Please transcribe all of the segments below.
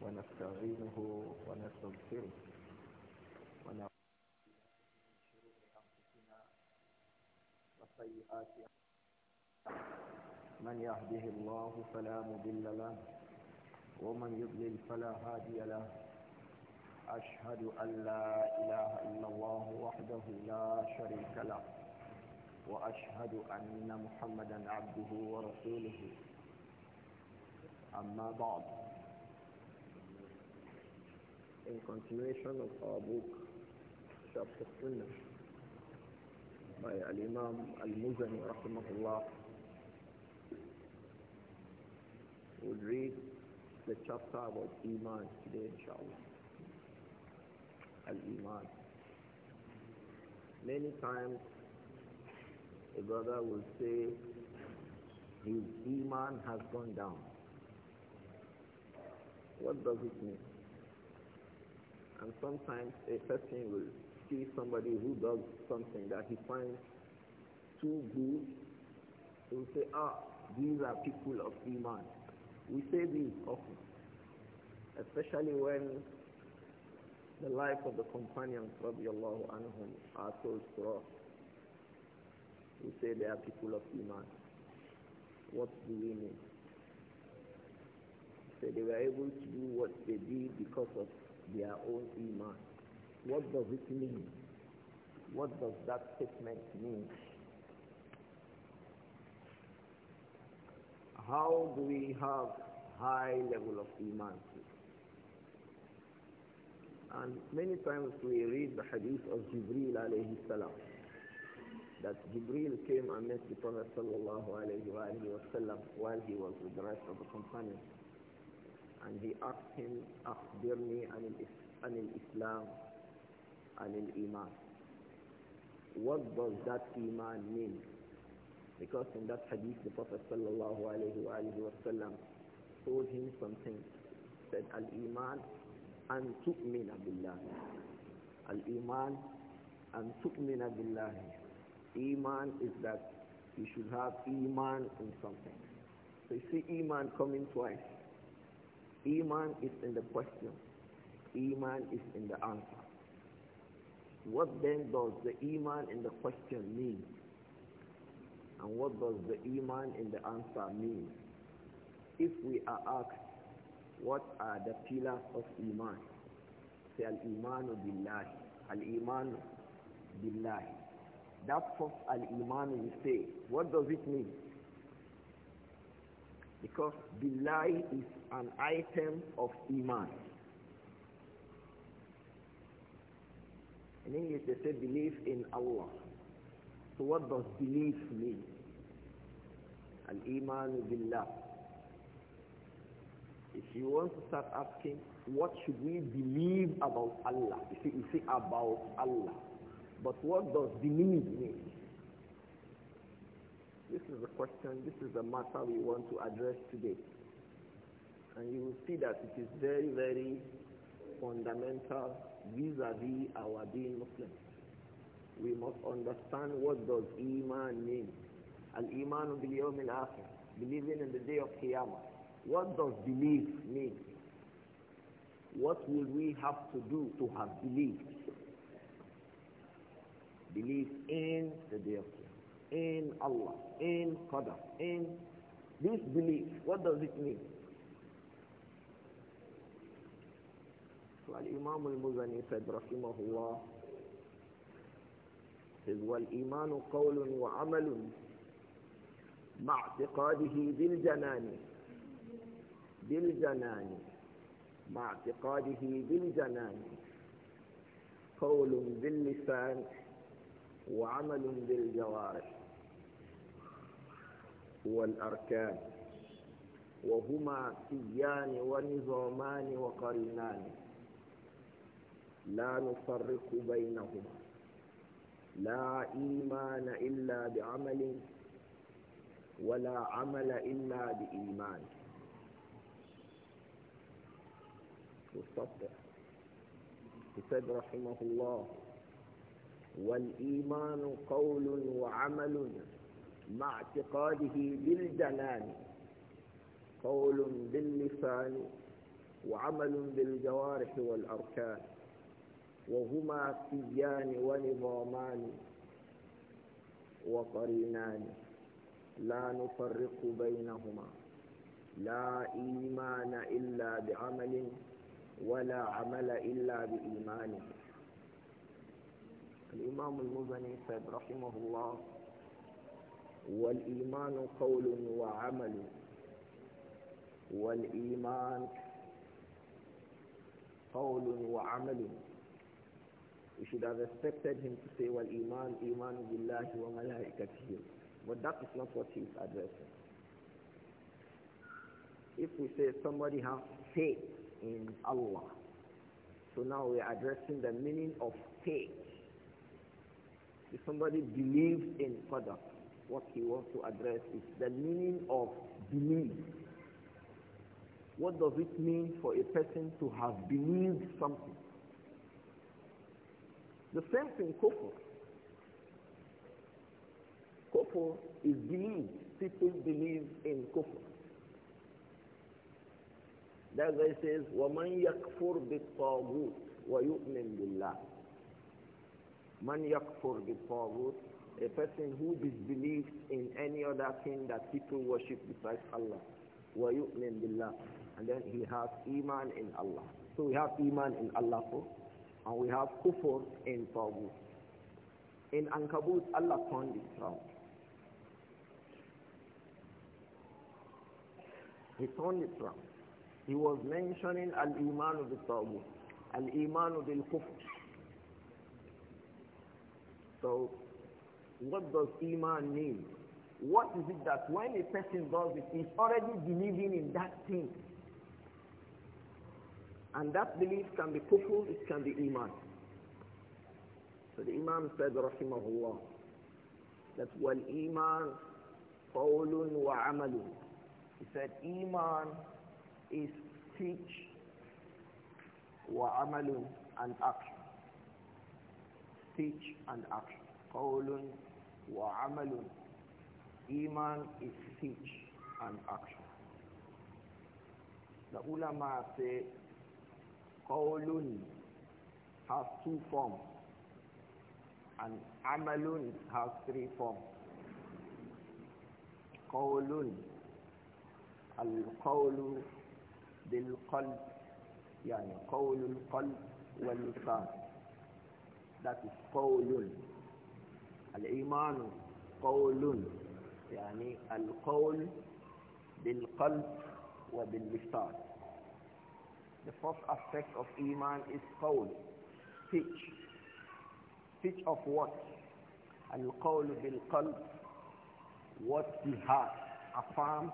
ونستعينه ونستغفره ونعوذ وسيئات من يهده الله فلا مضل له ومن يضلل فلا هادي له أشهد أن لا إله إلا الله وحده لا شريك له وأشهد أن محمدا عبده ورسوله أما بعد in continuation of our book Sharp Sunnah by Al-Imam Al-Muzani rahimahullah would read the chapter about Iman today inshallah Al-Iman many times a brother will say his Iman has gone down what does it mean and sometimes a person will see somebody who does something that he finds too good. He will say, ah, these are people of Iman. We say this often, especially when the life of the companions, radiallahu anhum, are told to us. We say they are people of Iman. What do we mean? Say they were able to do what they did because of their own iman. What does it mean? What does that statement mean? How do we have high level of iman? And many times we read the hadith of Jibril alayhi salam that Jibril came and met the Prophet sallallahu alayhi wa while he was with the rest of the companions and he asked him, أخبرني anil Islam, الإسلام عن الإيمان. What does that iman mean? Because in that hadith, the Prophet sallallahu alaihi wasallam told him something. Said, "Al-iman an tu'mina billah." Al-iman an tu'mina billah. Iman is that you should have iman in something. So you see iman coming twice. Iman is in the question. Iman is in the answer. What then does the Iman in the question mean? And what does the Iman in the answer mean? If we are asked, what are the pillars of Iman? Say Al-Imanu Billahi. Al-Imanu Billahi. That first Al-Imanu we say, what does it mean? Because belief is an item of iman. In English they say belief in Allah. So what does belief mean? Al-Iman billah. If you want to start asking, what should we believe about Allah? You see, you see about Allah. But what does believe mean? This is the question, this is the matter we want to address today. And you will see that it is very, very fundamental vis-a-vis our being Muslim. We must understand what does Iman mean. Al-Iman bil Yawm al-Akhir, believing in the day of Qiyamah. What does belief mean? What will we have to do to have belief? Belief in the day of Qiyamah. in Allah, in Qadr, in this belief. What does it mean? So Al-Imam Al-Muzani said, Rahimahullah, says, وَالْإِيمَانُ قَوْلٌ وَعَمَلٌ مَعْ اعْتِقَادِهِ بِالْجَنَانِ بِالْجَنَانِ مع اعتقاده بالجنان قول باللسان وعمل بالجوارح والأركان وهما سيان ونظامان وقرينان لا نفرق بينهما لا إيمان إلا بعمل ولا عمل إلا بإيمان مستطع كتاب رحمه الله والإيمان قول وعمل مع اعتقاده بالجنان قول باللسان وعمل بالجوارح والأركان وهما سيان ونظامان وقرينان لا نفرق بينهما لا إيمان إلا بعمل ولا عمل إلا بإيمان الإمام المزني رحمه الله والإيمان قول وعمل والإيمان قول وعمل We should have expected him to say والإيمان إيمان بالله وملائكته But that is not what he is addressing. If we say somebody has faith in Allah, so now we are addressing the meaning of faith. If somebody believes in Qadr, what he wants to address is the meaning of belief. What does it mean for a person to have believed something? The same thing, kufr. Kufr is belief. People believe in kufr. That's why it says, وَمَنْ يَكْفُرْ بِالطَّاغُوتِ وَيُؤْمِنْ بِاللَّهِ Man yakfur bi tawut a person who disbelieves in any other thing that people worship besides Allah. وَيُؤْمِن بِاللَّهِ And then he has iman in Allah. So we have iman in Allah and we have kufr in Tawbut. In Ankabut, Allah turned it round. He turned it from. He was mentioning al-iman of the Tawbut, al-iman of the kufr. So what does Iman mean? What is it that when a person does it, he's already believing in that thing? And that belief can be kufr, it can be Iman. So the Imam said, Rahimahullah, that wal Iman qawlun wa amalun. He said, Iman is speech wa amalun and action. Speech and action. Qawlun وعمل Iman is speech and action. The ulama say qawlun has two forms and amalun has three forms. Qawlun al-qawlu bil-qalb yani qawlu al-qalb wal-lisan that is qawlun الإيمان قول يعني القول بالقلب وباللسان The first aspect of Iman is قول speech speech of what القول بالقلب what the heart affirms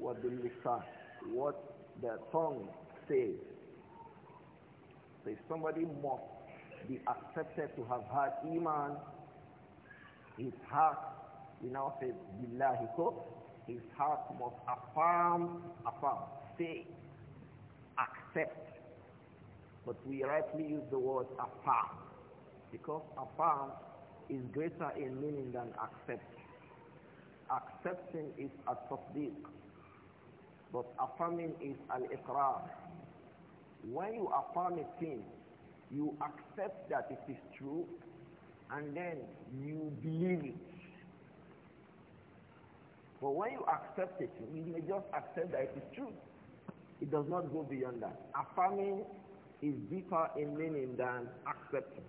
وباللسان what the tongue says so if somebody must be accepted to have had iman, his heart, we now say billahi his heart must affirm, affirm, say, accept. But we rightly use the word affirm because affirm is greater in meaning than accept. Accepting is a tasdeeq, but affirming is al-iqrar. When you affirm a thing, you accept that it is true and then you believe it. But when you accept it, you may just accept that it is true. It does not go beyond that. Affirming is deeper in meaning than accepting.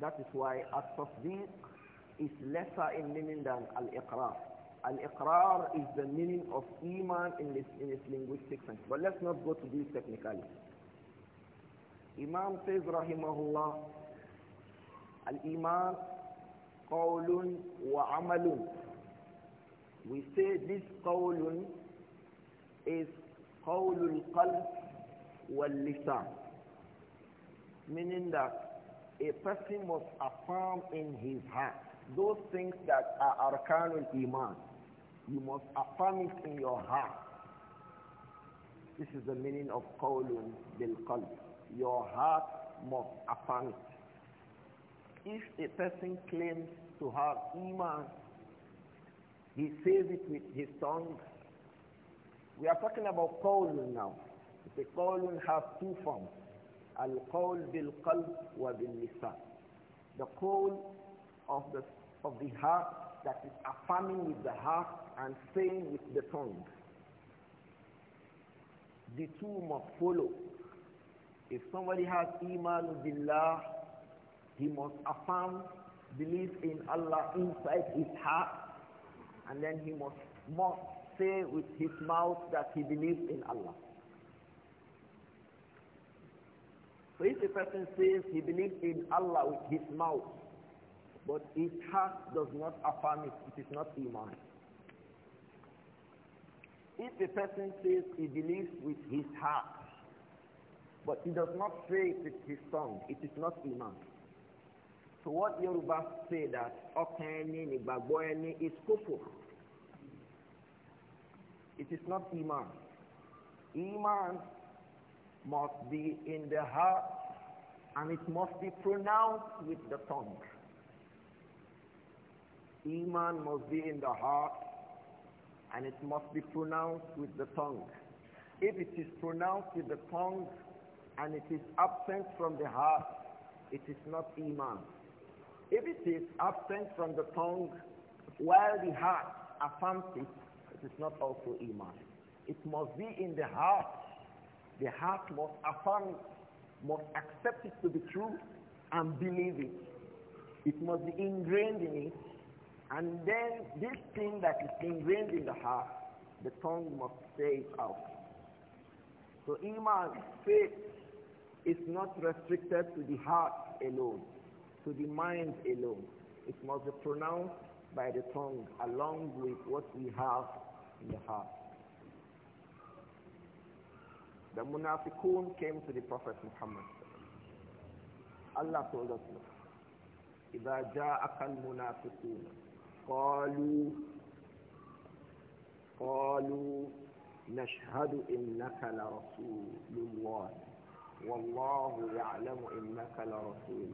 That is why at-tasdeeq is lesser in meaning than al-iqrar. Al-iqrar is the meaning of iman in its, in its linguistic sense. But let's not go to this technicalities. Imam says, Rahimahullah, Al-Iman qawlun wa amalun. We say this qawlun is qawlul qalb wal lisan. Meaning that a person must affirm in his heart those things that are arkanul iman. You must affirm it in your heart. This is the meaning of qawlun bil qalb your heart must affirm it. If a person claims to have iman, he says it with his tongue. We are talking about qawlun now. The qawlun has two forms. Al-qawl bil-qalb wa bil-lisan. The qawl of the, of the heart that is affirming with the heart and saying with the tongue. The two must follow. If somebody has iman billah, he must affirm belief in Allah inside his heart, and then he must must say with his mouth that he believes in Allah. So if a person says he believes in Allah with his mouth, but his heart does not affirm it, it is not iman. If a person says he believes with his heart, but he does not say it with his tongue. It is not Iman. So what Yoruba say that Okeni, Nigbagboni is kufur. It is not Iman. Iman must be in the heart and it must be pronounced with the tongue. Iman must be in the heart and it must be pronounced with the tongue. If it is pronounced with the tongue, and it is absent from the heart, it is not iman. If it is absent from the tongue while the heart affirms it, it is not also iman. It must be in the heart. The heart must affirm must accept it to be true and believe it. It must be ingrained in it. And then this thing that is ingrained in the heart, the tongue must say it out. So iman, faith, is not restricted to the heart alone, to the mind alone. It must be pronounced by the tongue along with what we have in the heart. The munafiqun came to the Prophet Muhammad. Allah told us, إِذَا جَاءَكَ الْمُنَافِقُونَ قَالُوا قَالُوا نَشْهَدُ إِنَّكَ لَرَسُولُ اللَّهِ والله يعلم إنك لرسول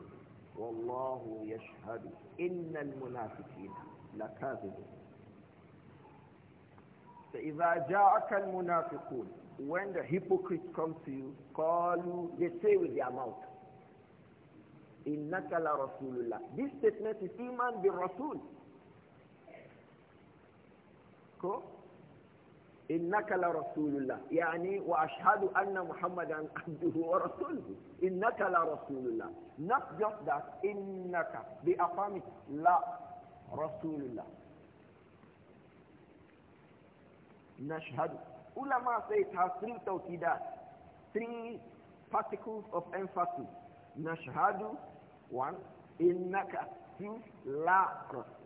والله يشهد إن المنافقين لكاذبون فإذا جاءك المنافقون when the hypocrites come to you قالوا they say with their mouth إنك لرسول الله this statement is إيمان بالرسول cool? إنك لرسول الله يعني وأشهد أن محمدا عبده ورسوله إنك لرسول الله not just that إنك بأقامة لا رسول الله نشهد ulama say it has three tawkidat three particles of emphasis نشهد one إنك two لا رسول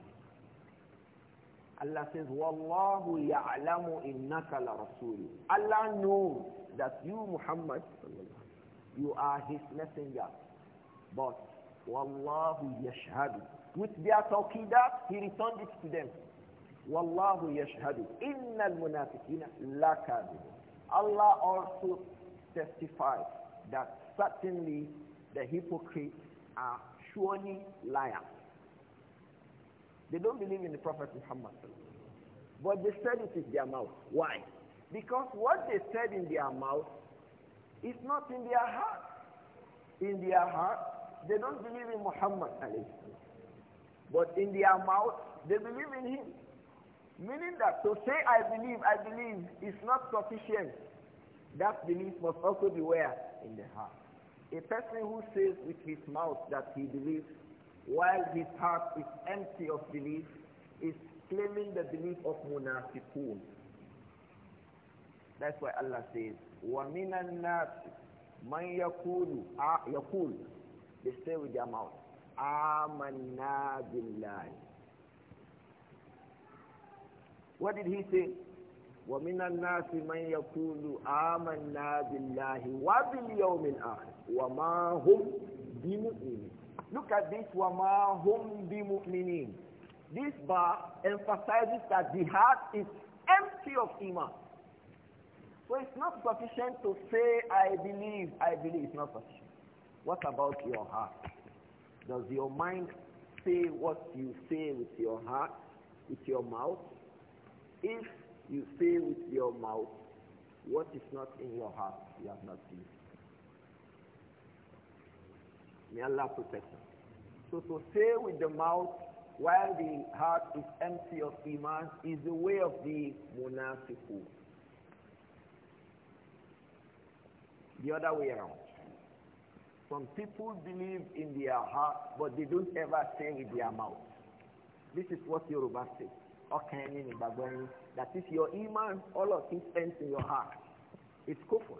Allah says, Wallahu ya'lamu innaka la rasul. Allah knows that you, Muhammad, you are his messenger. But, Wallahu yashhadu. With their tawqidah, he returned it to them. Wallahu yashhadu. Innal munafiqina la Allah also testifies that certainly the hypocrites are surely liars. They don't believe in the Prophet Muhammad. But they said it with their mouth. Why? Because what they said in their mouth is not in their heart. In their heart, they don't believe in Muhammad. But in their mouth, they believe in him. Meaning that to say, I believe, I believe, is not sufficient. That belief must also be where? In the heart. A person who says with his mouth that he believes while his heart is empty of belief, is claiming the belief of munafiqun. That's why Allah says, وَمِنَ النَّاسِ مَنْ يَقُولُ يَقُولُ They say with their mouth, آمَنَّا بِاللَّهِ What did he say? وَمِنَ النَّاسِ مَنْ يَقُولُ آمَنَّا بِاللَّهِ وَبِالْيَوْمِ الْآخِرِ وَمَا هُمْ بِمُؤْمِنِينَ Look at this wama hum bi mu'minin. This bar emphasizes that the heart is empty of iman. So it's not sufficient to say I believe, I believe. It's not sufficient. What about your heart? Does your mind say what you say with your heart, with your mouth? If you say with your mouth what is not in your heart, you have not believed. May Allah protect us. So to say with the mouth while the heart is empty of iman is the way of the munafiqun. The other way around. Some people believe in their heart, but they don't ever say with their mouth. This is what Yoruba says. Okay, in that if your iman, all of it ends in your heart. It's kufr.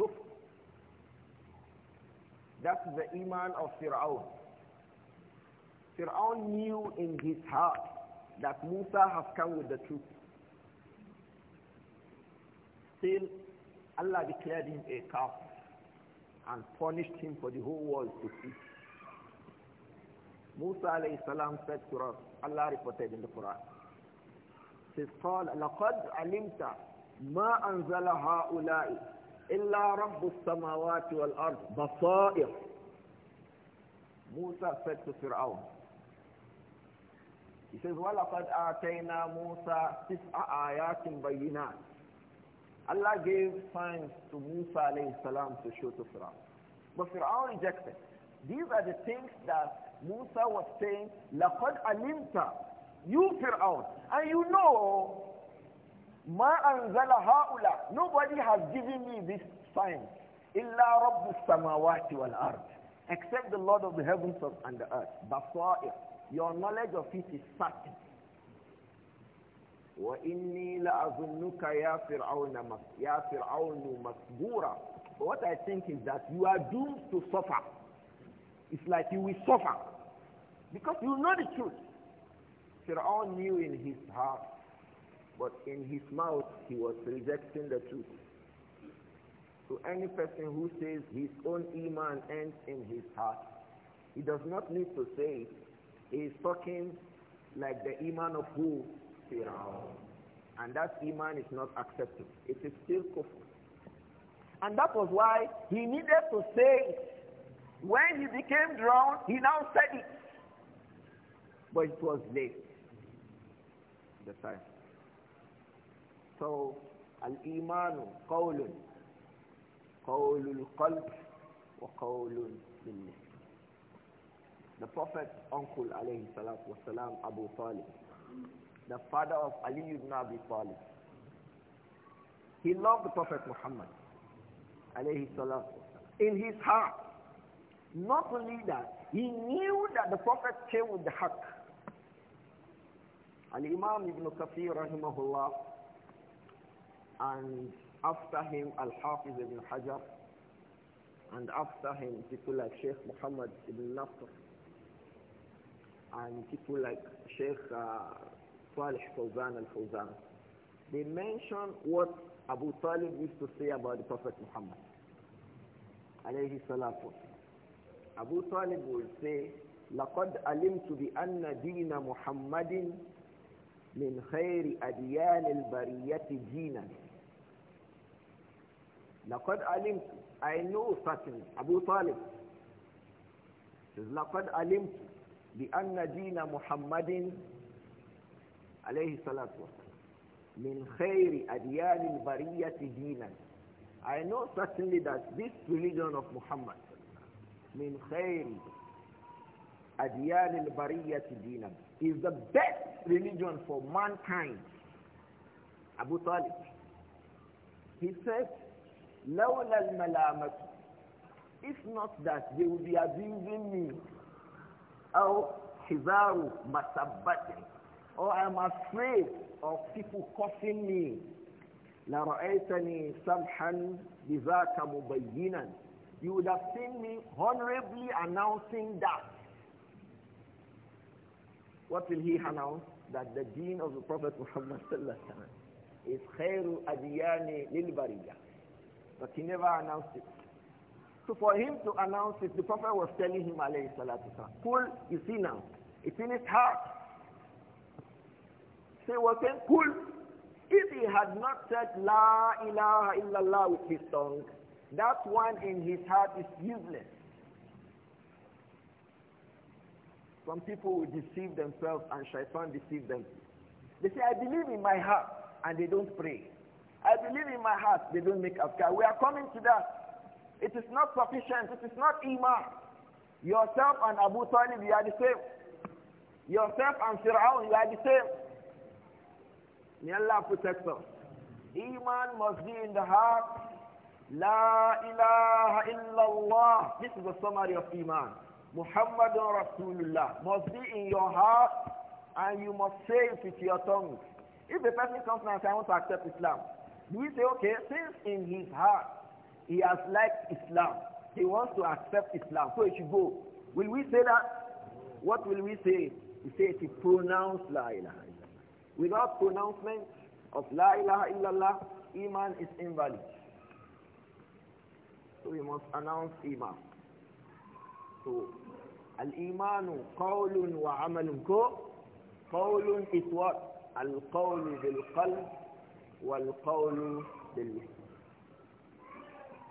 kufr. That's the iman of Fir'aun. Fir'aun knew in his heart that Musa has come with the truth. Still, Allah declared him a kafir and punished him for the whole world to see. Musa alayhi salam said to us, Allah reported in the Quran, says, قال لقد علمت ما أنزل هؤلاء إلا رب السماوات والأرض بصائر موسى said to Fir'aun He says وَلَقَدْ آتَيْنَا مُوسَى تِسْعَ آيَاتٍ بَيِّنَاتٍ Allah gave signs to Musa alayhi salam to show to Fir'aun But Fir'aun rejected These are the things that Musa was saying لَقَدْ عَلِمْتَ You Fir'aun And you know Ma anzala haula. Nobody has given me this sign. Illa rabbu samawati wal ard. Except the Lord of the heavens and the earth. Basair. Your knowledge of it is certain. وإني لأظنك يا فرعون يا فرعون مسبورا What I think is that you are doomed to suffer. It's like you will suffer. Because you know the truth. Fir'aun knew in his heart but in his mouth, he was rejecting the truth. So any person who says his own iman ends in his heart, he does not need to say it. He is talking like the iman of who? Fir'aun. And that iman is not accepted. It is still kufr. And that was why he needed to say When he became drowned, he now said it. But it was late. The time. So, al-imanu qawlun. Qawlul qalb wa qawlul billah. The prophet uncle, alayhi salatu salam Abu Talib, the father of Ali ibn Abi Talib, he loved the Prophet Muhammad, alayhi salatu in his heart. Not only that, he knew that the Prophet came with the haq. Al-Imam Ibn Kathir, rahimahullah, and after him Al-Hafiz ibn Hajar and after him people like Sheikh Muhammad ibn Nasr and people like Sheikh uh, Salih Fawzan al-Fawzan they mention what Abu Talib used to say about the Prophet Muhammad alayhi salatu Abu Talib would say لقد علمت بأن دين محمد من خير أديان البرية دينا لقد علمت I know certainly Abu Talib says لقد علمت بأن دين محمد عليه الصلاة والسلام من خير أديان البرية دينا I know certainly that this religion of Muhammad من خير أديان البرية دينا is the best religion for mankind Abu Talib he says لولا الملامة If not that they will be abusing me أو حذار مسبة or I'm afraid of people cursing me لرأيتني سمحا بذاك مبينا You would have seen me honorably announcing that. What will he announce? That the deen of the Prophet Muhammad is خير أديان للبرية but he never announced it. So for him to announce it, the Prophet was telling him, alayhi salatu Pull, you see now, it's in his heart. Say what then? Pull. If he had not said La ilaha illallah with his tongue, that one in his heart is useless. Some people will deceive themselves and shaitan deceive them. They say, I believe in my heart, and they don't pray. I believe in my heart they don't make afkar. We are coming to that. It is not sufficient. It is not iman. Yourself and Abu Talib, you are the same. Yourself and Fir'aun, you are the same. May Allah protect us. Iman must be in the heart. La ilaha illallah. This is the summary of Iman. Muhammadun Rasulullah. Must be in your heart and you must say it with your tongue. If the person comes and says, I want to accept Islam, do we say, okay, since in his heart he has liked Islam, he wants to accept Islam, so he should go. Will we say that? What will we say? We say to pronounce La ilaha illallah. Without pronouncement of La ilaha illallah, Iman is invalid. So we must announce Iman. So, Al-Imanu qawlun wa amalun ko. Qawlun is what? Al-qawlu bil qalb والقول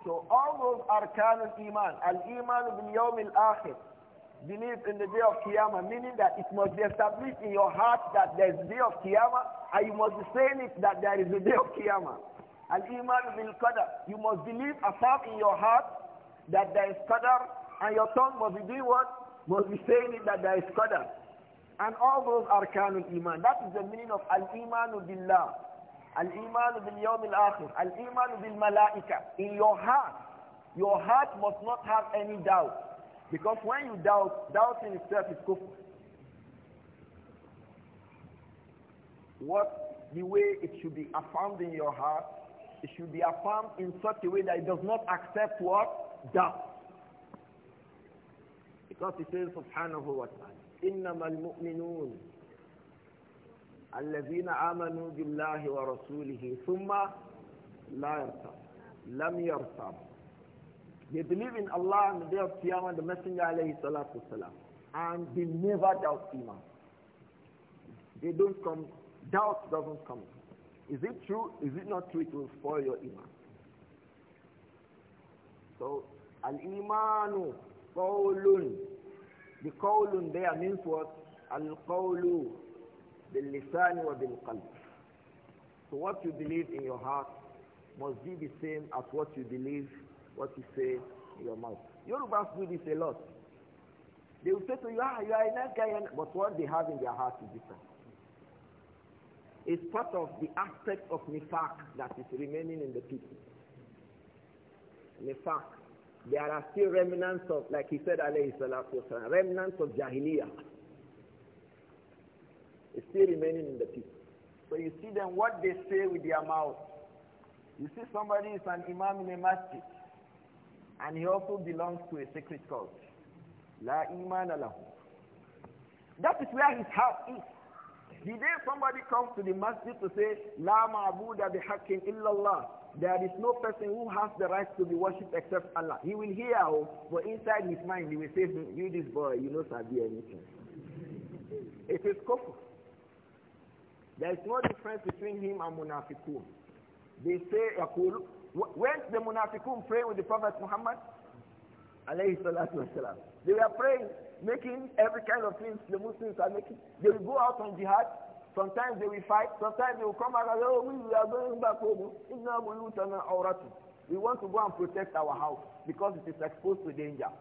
So all those are al-iman, al-iman bil al-akhir, believe in the day of Qiyamah, meaning that it must be established in your heart that there is a day of Qiyamah, and you must be saying it that there is a day of Qiyamah. And iman bil qadar, you must believe affirm in your heart that there is qadar, and your tongue must be doing what? Must be saying it that there is qadar. And all those are al-iman, that is the meaning of al-iman billah. Al-Iman bil Yawm al-Akhir. Al-Iman bil Malaika. In your heart, your heart must not have any doubt. Because when you doubt, doubt in itself is kufr. What the way it should be affirmed in your heart, it should be affirmed in such a way that it does not accept what? Doubt. Because it says, subhanahu wa ta'ala, إِنَّمَا الْمُؤْمِنُونَ الذين آمنوا بالله ورسوله ثم لا يرتاب لم يرتاب They believe in Allah and the day of Qiyamah, the Messenger alayhi salatu wasalam. And they never doubt Iman. They don't come, doubt doesn't come. Is it true? Is it not true? It will spoil your Iman. So, Al-Imanu Qawlun. The Qawlun there means what? Al-Qawlu باللسان وبالقلب So what you believe in your heart must be the same as what you believe, what you say in your mouth. Yorubas do this a lot. They will say to you, ah, you are a nice guy, but what they have in their heart is different. It's part of the aspect of nifaq that is remaining in the people. Nifak. There are still remnants of, like he said, alayhi salatu remnants of jahiliyyah is still remaining in the people. So you see them, what they say with their mouth. You see somebody is an imam in a masjid, and he also belongs to a secret cult. La iman alahu. That is where his heart is. The day somebody comes to the masjid to say, La ma'buda bihaqqin illallah, there is no person who has the right to be worshipped except Allah. He will hear, oh, but inside his mind he will say, hmm, you this boy, you know, sabi anything. It is kufr. There is no difference between him and Munafiqun. They say, Yaqul, when the Munafiqun pray with the Prophet Muhammad, alayhi salatu wasalam, they are praying, making every kind of things the Muslims are making. They will go out on jihad. Sometimes they will fight. Sometimes they will come back and say, oh, we are going back home. We want to go and protect our house because it is exposed to danger.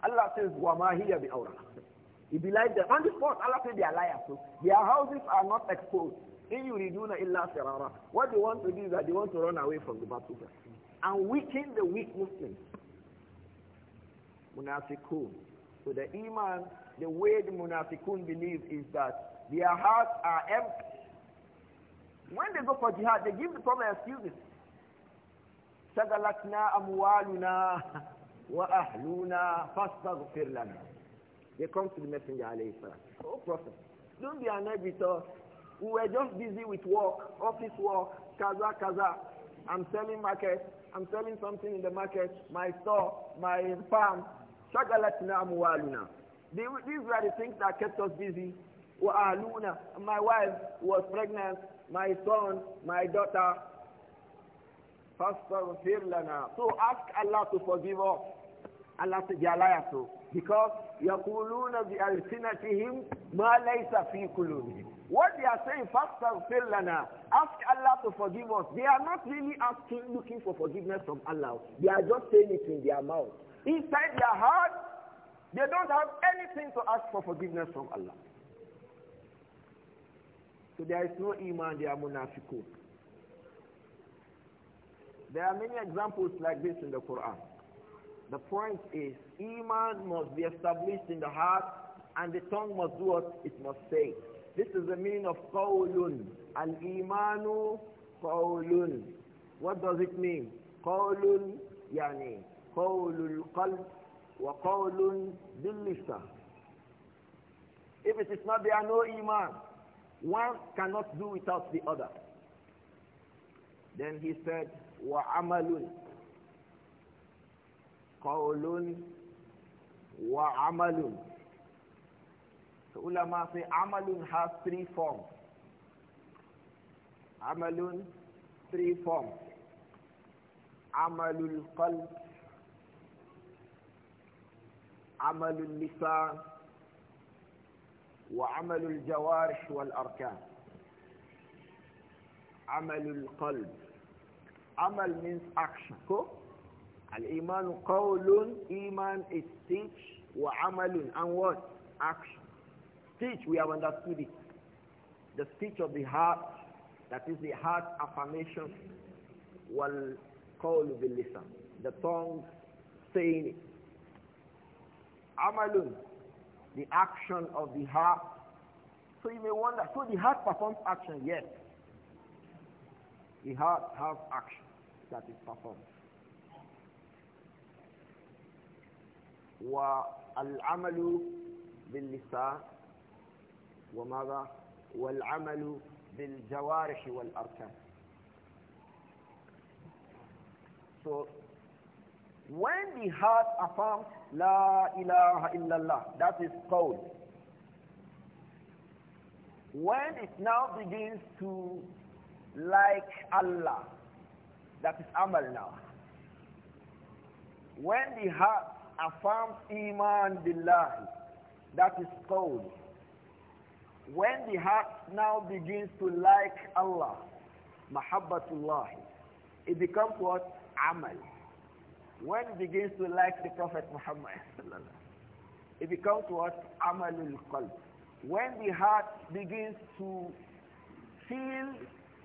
Allah says, hiya bi بِأَوْرَةٍ he belied them. and the fourth Allah said they are liars. So their houses are not exposed. What they want to do is that they want to run away from the battle, and weaken the weak Muslims. Munasikun. So the iman, the way the munasikun believe is that their hearts are empty. When they go for jihad, they give the problem excuses. شغلتنا أموالنا وأهلنا فاستغفر لنا they come to the messenger, alayhi salam. Oh, prophet, don't be annoyed with us. We were just busy with work, office work, kaza, kaza. I'm selling market. I'm selling something in the market. My store, my farm. Shagalatina amwaluna. These were the things that kept us busy. Wa'aluna. My wife was pregnant. My son, my daughter. Pastor lana. So ask Allah to forgive us. Allah to be to. Because يَقُولُونَ بِأَلْسِنَتِهِمْ مَا لَيْسَ فِي قُلُوبِهِمْ What they are saying, فَاسْتَغْفِرْ لَنَا Ask Allah to forgive us. They are not really asking, looking for forgiveness from Allah. They are just saying it in their mouth. Inside their heart, they don't have anything to ask for forgiveness from Allah. So there is no iman, they are munafiqun. There are many examples like this in the Quran. The point is, Iman must be established in the heart and the tongue must do what it must say. This is the meaning of qawlun. Al-imanu qawlun. What does it mean? Qawlun yani qawlul qalb wa qawlun If it is not, there are no iman. One cannot do without the other. Then he said, wa amalun. قول وعمل العلماء في عمل has three forms عمل three forms عمل القلب عمل اللسان وعمل الجوارح والأركان عمل القلب عمل means action cool. Al-Iman qawlun, Iman is speech, wa amalun, and what? Action. Speech, we have understood it. The speech of the heart, that is the heart affirmation, wal qawlu bil lisan. The tongue saying it. Amalun, the action of the heart. So you may wonder, so the heart performs action, yes. The heart has action that is performed. والعمل باللسان وماذا والعمل بالجوارح والأركان So when the heart affirms La ilaha illallah, that is qawl. When it now begins to like Allah, that is amal now. When the heart affirms iman billahi. That is qawl. When the heart now begins to like Allah, mahabbatullah, it becomes what? Amal. When it begins to like the Prophet Muhammad it becomes what? Amalul qalb. When the heart begins to feel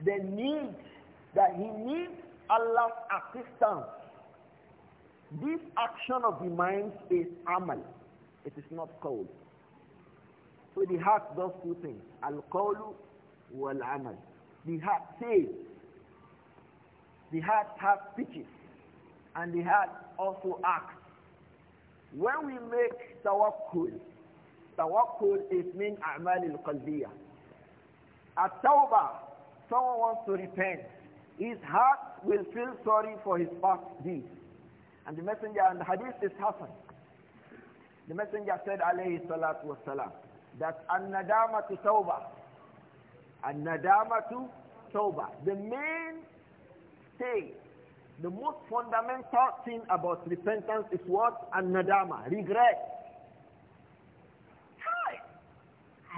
the need that he needs Allah's assistance this action of the mind is amal. It is not cold. So the heart does two things. Al-qawlu wal-amal. The heart says. The heart has speeches. And the heart also acts. When we make tawakkul, tawakkul is mean a'mal al-qalbiyah. At-tawbah, someone wants to repent. His heart will feel sorry for his past deeds. And the messenger and the hadith is Hassan. The messenger said alayhi salatu was that an tu tawbah. an tu tawbah. The main thing, the most fundamental thing about repentance is what? An-nadama, regret. Hi!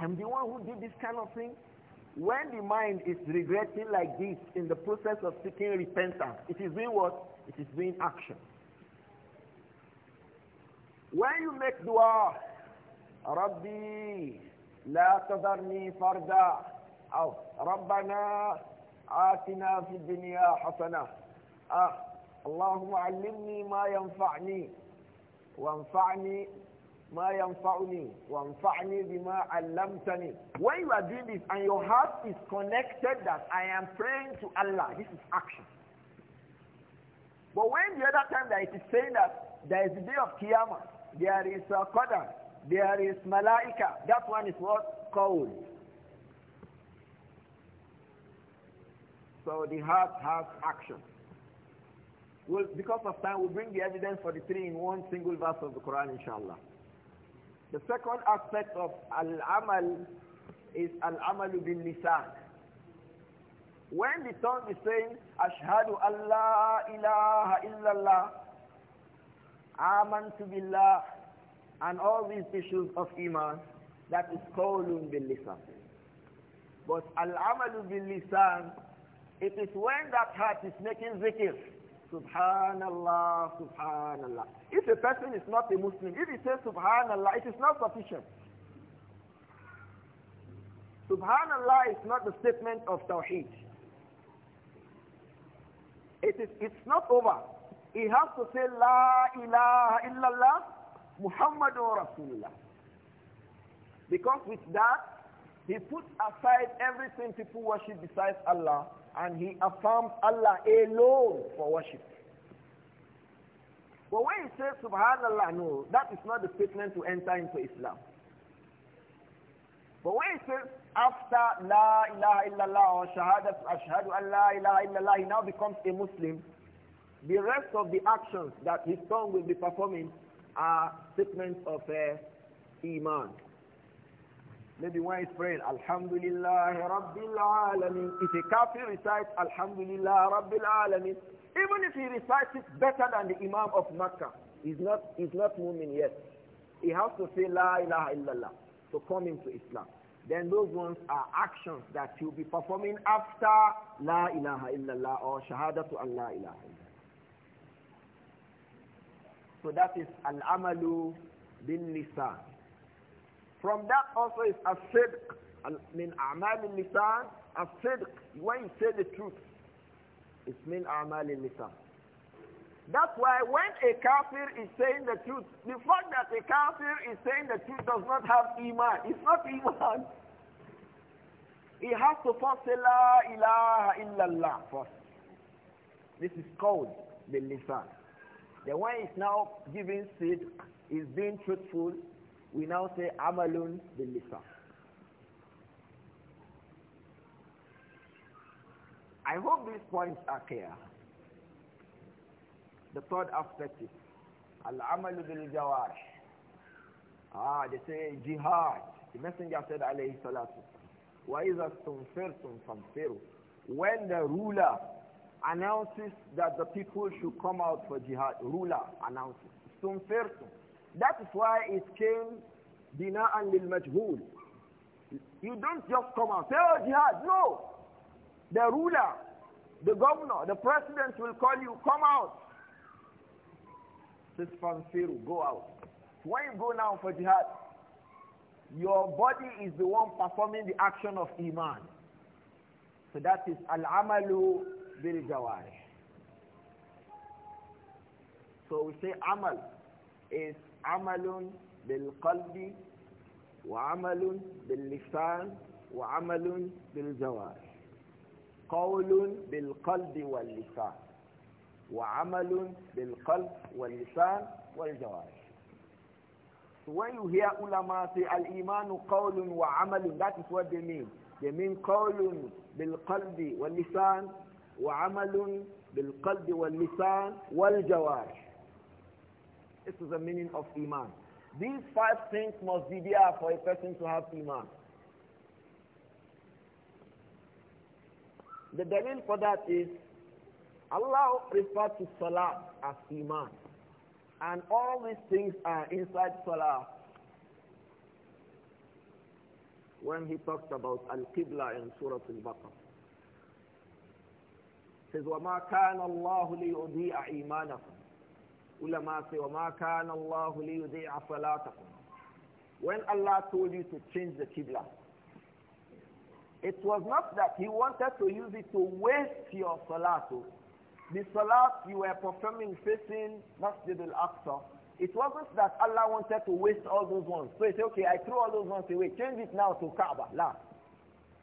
I'm the one who did this kind of thing. When the mind is regretting like this in the process of seeking repentance, it is doing what? It is doing action. When you make dua, Rabbi, لا تذرني فردا أو ربنا آتنا في الدنيا حسنة آه اللهم علمني ما ينفعني وانفعني ما ينفعني وانفعني بما علمتني when you are doing this and your heart is connected that I am praying to Allah this is action but when the other time that it is saying that there is the day of Qiyamah there is a qadar, there is malaika. That one is what? Qawl. So the heart has action. Well, because of time, we'll bring the evidence for the three in one single verse of the Quran, inshallah. The second aspect of al-amal is al amal bin lisan. When the tongue is saying, Ashhadu Allah ilaha illallah, amantu billah, and all these issues of iman, that is qawlun bil lisan. But al-amalu bil lisan, it is when that heart is making zikr, subhanallah, subhanallah. If a person is not a Muslim, if he says subhanallah, it is not sufficient. Subhanallah is not the statement of Tawheed. It is, it's not over. He has to say, La ilaha illallah, Muhammadur Rasulullah. Because with that, he puts aside everything people worship besides Allah and he affirms Allah alone for worship. But when he says subhanallah, no, that is not the statement to enter into Islam. But when he says after la ilaha illallah or shahadat ashhadu an la ilaha illallah, he now becomes a Muslim, the rest of the actions that his tongue will be performing are statements of uh, Iman. Maybe when he's praying, Alhamdulillah Rabbil Alameen. If a kafir recites Alhamdulillah Rabbil Alameen, even if he recites it better than the Imam of Makkah, he's not, he's not moving yet. He has to say La ilaha illallah to come into Islam. Then those ones are actions that you'll be performing after La ilaha illallah or Shahadatu Allah ilaha illallah. So that is al-amalu bin lisan. From that also is as-sidq. Min a'mal lisan as-sidq. When you say the truth, it's min a'mal lisan. That's why when a kafir is saying the truth, the fact that a kafir is saying the truth does not have iman. It's not iman. He has to first say la ilaha illallah first. This is called the lisan. The one is now giving seed, is being truthful. We now say amalun bilisan. I hope these points are clear. The third aspect is al-amalu bil-jawash. Ah, they say jihad. The messenger said alayhi salatu. وَإِذَا اسْتُنْفِرْتُمْ فَانْفِرُوا When the ruler announces that the people should come out for jihad. Ruler announces. Stumfirtum. That is why it came bina'an lil majhul. You don't just come out, say, oh, jihad. No. The ruler, the governor, the president will call you, come out. Says Fanfiru, go out. When you go now for jihad, your body is the one performing the action of Iman. So that is al-amalu so we say amal is amalun bil qalbi wa amalun bil lisan wa amalun bil jawari. Qawlun bil qalbi wal lisan bil qalb wal lisan So when you hear ulama say al imanu qawlun wa amalun that is what they mean. They mean qawlun bil qalbi wal وعمل بالقلب واللسان والجوارح This is the meaning of Iman. These five things must be there for a person to have Iman. The dalil for that is Allah refers to Salah as Iman. And all these things are inside Salah. When he talks about Al-Qibla in Surah Al-Baqarah says, وَمَا كَانَ اللَّهُ لِيُضِيعَ إِيمَانَكُمْ Ulama say, وَمَا كَانَ اللَّهُ لِيُضِيعَ صَلَاتَكُمْ When Allah told you to change the Qibla, it was not that He wanted to use it to waste your Salatu. Oh. The Salat you were performing facing Masjid al-Aqsa, it wasn't that Allah wanted to waste all those ones. So He said, okay, I threw all those ones away. Change it now to Kaaba. La.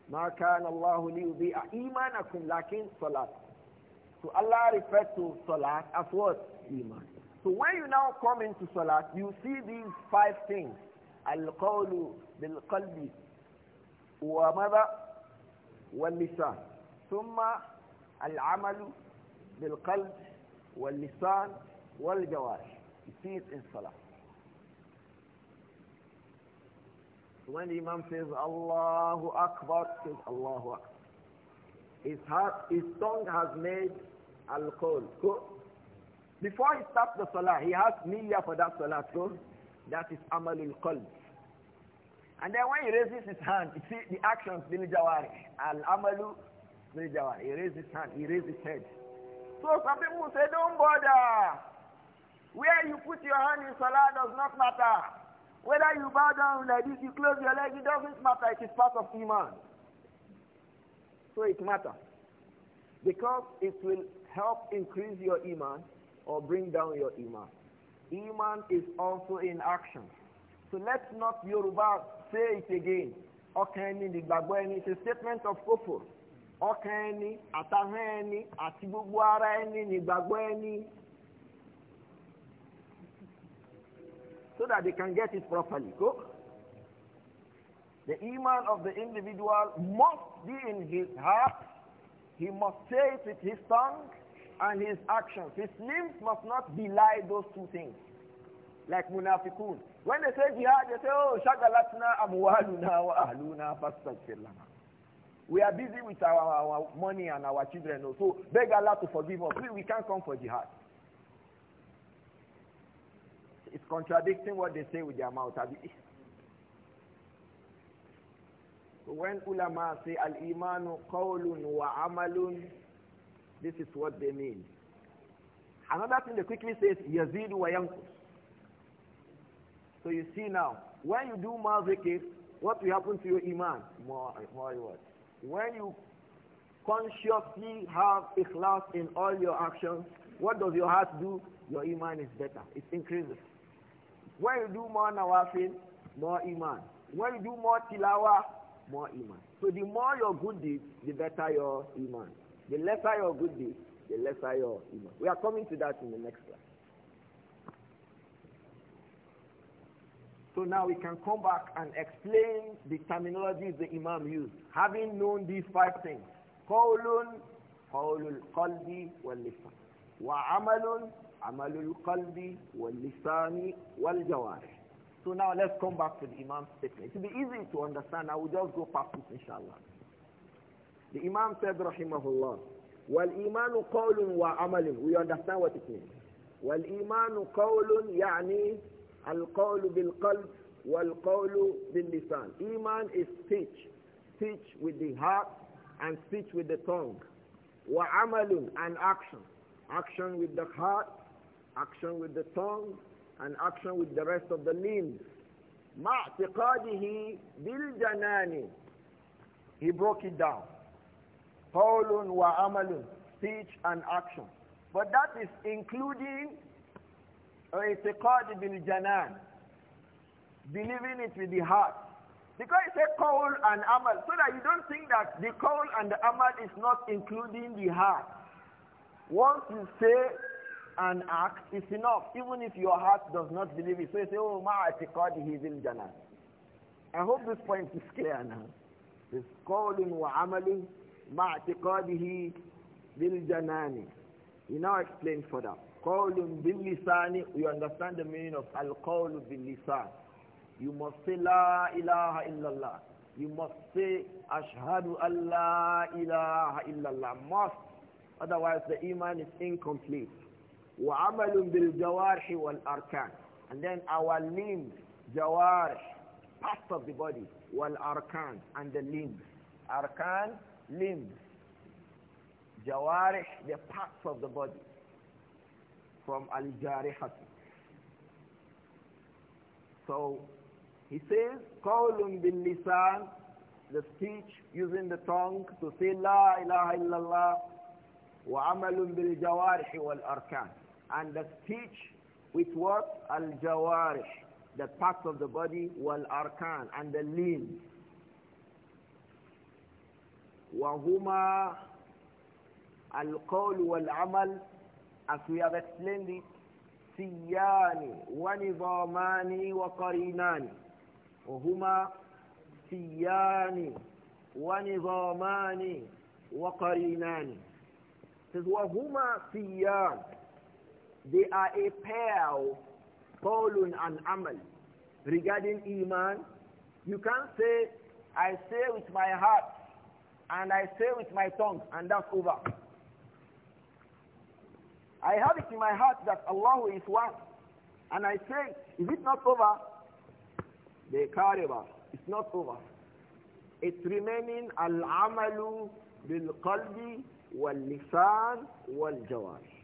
ما كان الله ليضيع إيمانكم لكن صلاتكم so Allah referred to salat as what? Iman. So when you now come into salat, you see these five things. Al-qawlu bil-qalbi wa mada wal-lisan. Thumma al-amalu bil-qalb wal-lisan wal-jawarih. You see it in salat. when the Imam says Allahu Akbar, says Allahu Akbar. His, heart, his tongue has made alcohol. Go. Before he starts the salah, he has niyyah for that salah. That is amalul qalb. And then when he raises his hand, you see the actions bil jawari. Al amalu bil jawari. He raises his hand, he raises his head. So some people will say, don't bother. Where you put your hand in salah does not matter. Whether you bow down like this, you close your leg, it doesn't matter. It is part of iman. So it matters. Because it will help increase your iman or bring down your iman. Iman is also in action. So let's not Yoruba say it again. Okay, ni bagweni. is a statement of kufur. Ọkànnì ataheni ẹni ni bagweni, So that they can get it properly. Go. The iman of the individual must be in his heart. He must say it with his tongue and his actions. His limbs must not belie those two things. Like munafiqun. When they say jihad, they say, oh, shagalatna amwaluna wa ahluna fastaghfir We are busy with our, our, money and our children. Oh, so beg Allah to forgive us. We, we can't come for jihad. It's contradicting what they say with their mouth when ulama say al-imanu qawlun wa amalun, this is what they mean. Another thing they quickly say is yazid wa yankus. So you see now, when you do mazikir, what will happen to your iman? More, more what? When you consciously have ikhlas in all your actions, what does your heart do? Your iman is better. It increases. When you do more nawafil, more iman. When you do more tilawa, more iman. So the more your good deeds, the better your iman. The lesser your good deeds, the lesser your iman. We are coming to that in the next class. So now we can come back and explain the terminology the Imam used. Having known these five things, قولٌ قول القلب واللسان وعملٌ عمل القلب واللسان والجوارح so now let's come back to the Imam's statement. It will be easy to understand. I will just go past this, inshallah. The Imam said, Rahimahullah, وَالْإِيمَانُ قَوْلٌ وَعَمَلٌ We understand what it means. وَالْإِيمَانُ قَوْلٌ يعني الْقَوْلُ بِالْقَلْبِ وَالْقَوْلُ بِاللِّسَانِ Iman is speech. Speech with the heart and speech with the tongue. وَعَمَلٌ and action. Action with the heart, action with the tongue, and action with the rest of the limbs. مَعْتِقَادِهِ بِالْجَنَانِ He broke it down. قَوْلٌ وَعَمَلٌ Speech and action. But that is including اعتقاد بالجنان Believing it with the heart. Because it's a call and amal. So that you don't think that the call and the amal is not including the heart. Once you say and act is enough, even if your heart does not believe it. So you say, oh, he's in jannah. I hope this point is clear now. calling wa amali مع اعتقاده بالجنان. He now explains further. قول باللسان. You understand the meaning of al القول باللسان. You must say la ilaha illallah. You must say ashhadu أن لا إله illallah. Must. Otherwise the iman is incomplete. وَعَمَلٌ بِالْجَوَارْحِ وَالْأَرْكَانِ And then our limbs, jawarh, parts of the body, وَالْأَرْكَانِ And the limbs. Arkan, limbs. Jawarih, the parts of the body. From al-jarihati. So, he says, قَوْلٌ بِالْلِسَانِ The speech using the tongue to say La ilaha illallah وَعَمَلٌ بِالْجَوَارِحِ وَالْأَرْكَانِ and the speech with what? Al-jawarih, the parts of the body, wal-arkan, and the limbs. وهما القول والعمل as we have explained it سيان ونظامان wa وهما سيان ونظامان وقرينان وهما siyani they are a pair of Qawlun and Amal. Regarding Iman, you can't say, I say with my heart and I say with my tongue and that's over. I have it in my heart that Allah is one. And I say, is it not over? The kariba, it's not over. It's remaining al-amalu bil-qalbi wal-lisan wal-jawari.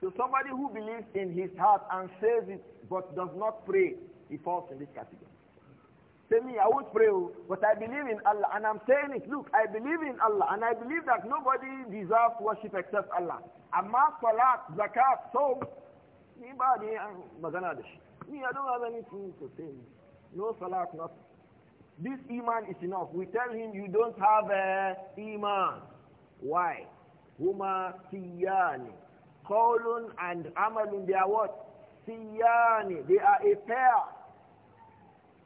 So somebody who believes in his heart and says it but does not pray, he falls in this category. Say me, I won't pray, oh, but I believe in Allah and I'm saying it. Look, I believe in Allah and I believe that nobody deserves worship except Allah. Amma, Salat, Zakat, so, anybody, Bangladesh. Ah, me, I don't have anything to say. No Salat, nothing. This Iman is enough. We tell him you don't have a eh, Iman. Why? Huma siyani. Qawlun and Amalun, they are what? Siyani, they are a pair.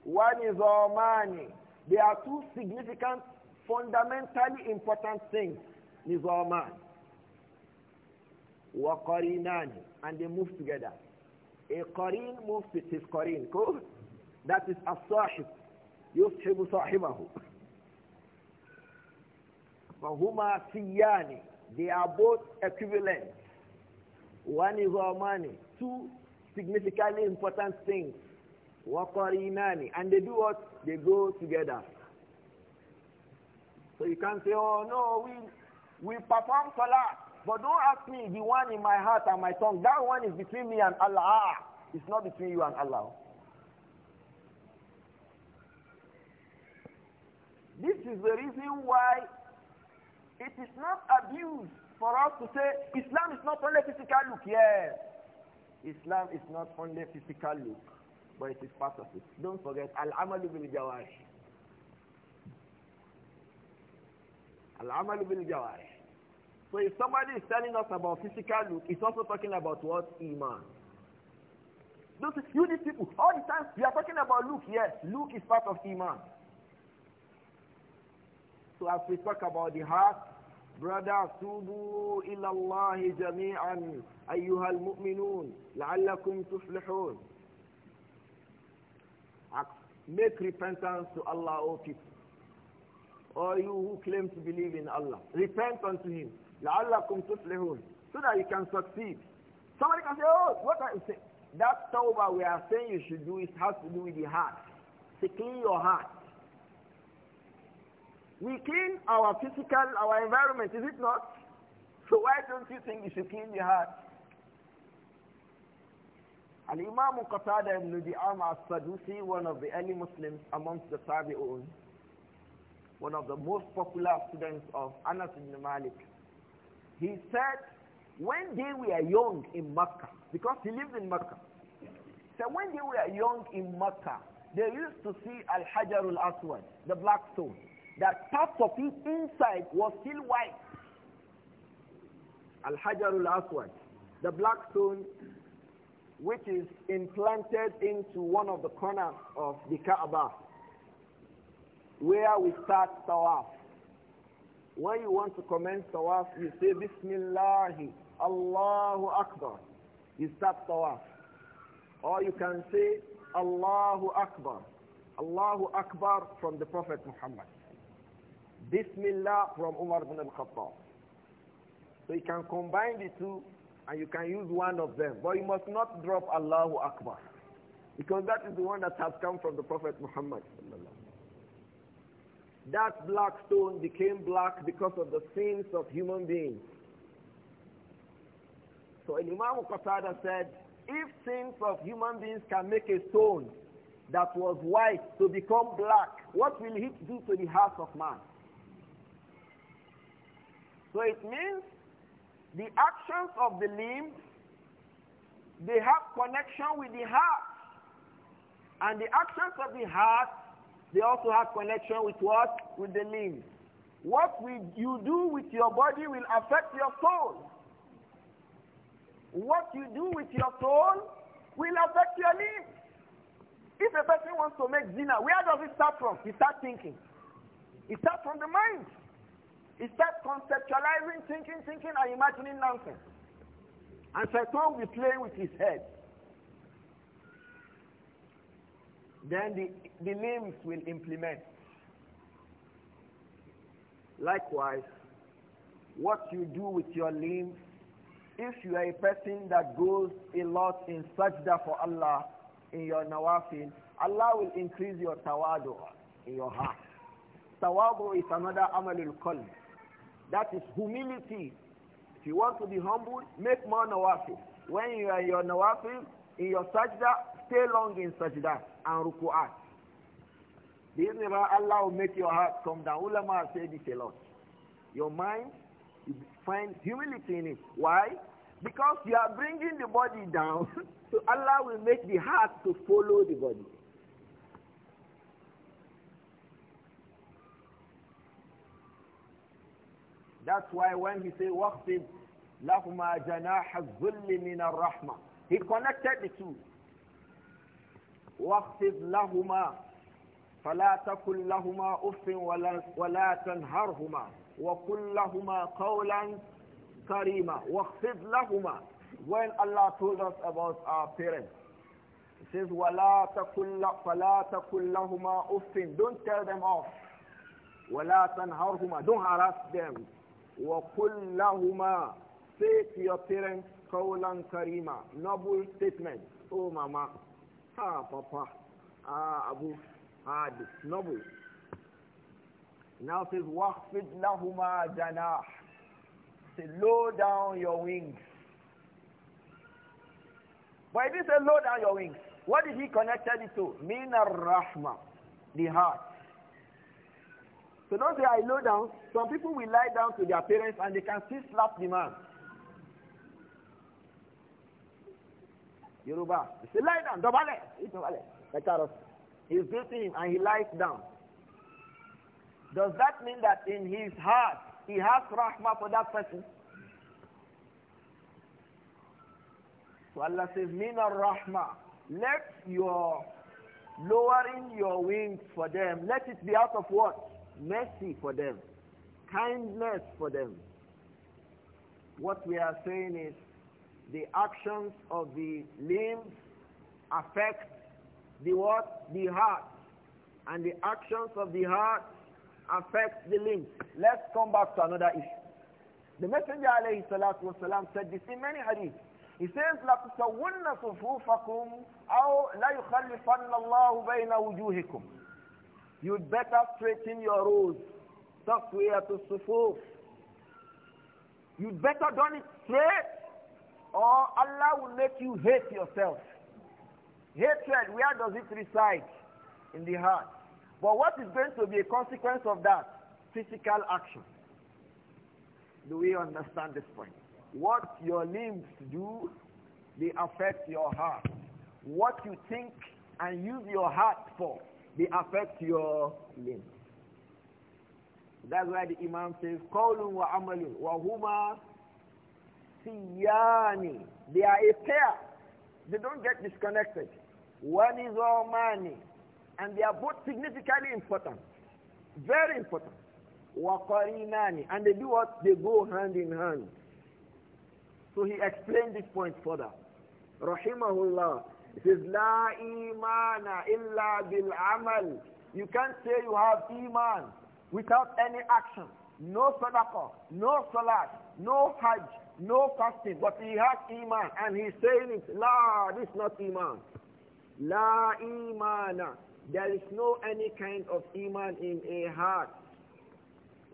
One is Omani. They are two significant, fundamentally important things. Nizaman. Wa qarinani. And they move together. A qarin moves with his qarin. Cool? That is as-sahib. Yushibu sahibahu. Fahuma siyani. They are both equivalent. One is our money. Two significantly important things. Waqarinani. And they do what? They go together. So you can't say, oh no, we, we perform salah. But don't ask me the one in my heart and my tongue. That one is between me and Allah. Ah, it's not between you and Allah. This is the reason why it is not abused for us to say Islam is not only physical look. Yes. Islam is not only physical look, but it is part of it. Don't forget Al-Amalu bil Jawari. Al-Amalu bil Jawari. So if somebody is telling us about physical look, it's also talking about what? Iman. Those you these people, all the time we are talking about look, yes, look is part of Iman. So as we talk about the heart, Brothers, tubu ila Allah jami'an ayyuhal mu'minun la'allakum tuflihun. Make repentance to Allah, O people. O you who claim to believe in Allah. Repent unto Him. لَعَلَّكُمْ تُفْلِحُونَ So that you can succeed. Somebody can say, oh, what are you saying? That tawbah we are saying you should do, it has to do with the heart. To clean your heart. We clean our physical, our environment, is it not? So why don't you think you should clean your heart? Al-Imam Qatada ibn Di'am al-Sadusi, one of the early Muslims amongst the Tabi'un, one of the most popular students of Anas ibn Malik, he said, when they were young in Mecca, because he lived in Mecca, so when they were young in Mecca, they used to see Al-Hajar al-Aswad, the black stone that part of it inside was still white. Al-Hajarul Aswad, the black stone which is implanted into one of the corners of the Kaaba, where we start tawaf. When you want to commence tawaf, you say Bismillahi, Allahu Akbar. You start tawaf. Or you can say Allahu Akbar, Allahu Akbar from the Prophet Muhammad. Bismillah from Umar ibn al-Khattab. So you can combine the two and you can use one of them. But you must not drop Allahu Akbar. Because that is the one that has come from the Prophet Muhammad. That black stone became black because of the sins of human beings. So Imam Al-Qasada said, if sins of human beings can make a stone that was white to become black, what will it do to the heart of man? So it means the actions of the limbs, they have connection with the heart. And the actions of the heart, they also have connection with what? With the limbs. What we, you do with your body will affect your soul. What you do with your soul will affect your limbs. If a person wants to make dinner, where does it start from? He starts thinking. It starts from the mind. He starts conceptualizing, thinking, thinking, and imagining nonsense. And Satan will play with his head. Then the, the limbs will implement. Likewise, what you do with your limbs, if you are a person that goes a lot in sajda for Allah in your nawafil, Allah will increase your tawadu in your heart. Tawadu is another amalul qalb. That is humility. If you want to be humble, make more nawafil. When you are in your nawafil, in your sajda, stay long in sajda and ruku'at. Bismillah, Allah will make your heart come down. Ulama say this a lot. Your mind, you find humility in it. Why? Because you are bringing the body down, so Allah will make the heart to follow the body. That's why when he said, وَخْفِضْ لَهُمَا جَنَاحَ الظُّلِّ مِنَ الرَّحْمَةِ He connected the two. وَخْفِضْ لَهُمَا فَلَا تَكُلْ لَهُمَا أُفٍ وَلَا تَنْهَرْهُمَا وَقُلْ لَهُمَا قَوْلًا كَرِيمًا وَخْفِضْ لَهُمَا When Allah told us about our parents, He says, وَلَا تَكُلْ فَلَا تَكُلْ لَهُمَا أُفٍ Don't tell them off. وَلَا تَنْهَرْهُمَا Don't harass them. وَقُلْ لَهُمَا Say to your parents, قَوْلًا كَرِيمًا Noble statement. Oh, mama. Ah, papa. Ah, Abu. Ah, Noble. Now says, وَخْفِدْ لَهُمَا جَنَاحٍ Say, low down your wings. why did he say, low down your wings. What did he connect it to? Min rahma the heart. So don't say I low down. Some people will lie down to their parents and they can still slap the man. Yoruba. He said, lie down, dobale. It's dobale. Like that. He's beating him and he lies down. Does that mean that in his heart he has rahmah for that person? So Allah says, Mina rahmah. Let your lowering your wings for them, let it be out of what? mercy for them, kindness for them. What we are saying is the actions of the limbs affect the what? The heart. And the actions of the heart affect the limbs. Let's come back to another issue. The Messenger alayhi salatu wasalam said this in many hadith. He says, لَتُسَوُّنَّ صُفُوفَكُمْ أَوْ لَيُخَلِّفَنَّ اللَّهُ بَيْنَ وُجُوهِكُمْ You'd better straighten your rows. Taqwiyah to sufuf. You'd better done it straight or Allah will make you hate yourself. Hatred, where does it reside? In the heart. But what is going to be a consequence of that? Physical action. Do we understand this point? What your limbs do, they affect your heart. What you think and use your heart for, they affect your limbs. That's why the Imam says, Qawlun wa amalun wa huma siyani. They are a pair. They don't get disconnected. One is all money. And they are both significantly important. Very important. Wa qarinani. And they do what? They go hand in hand. So he explained this point further. Rahimahullah. It says, La imana illa bil amal. You can't say you have iman without any action. No sadaqah, no salat, no hajj, no fasting. But he has iman and he's saying it. La, this is not iman. La imana. There is no any kind of iman in a heart.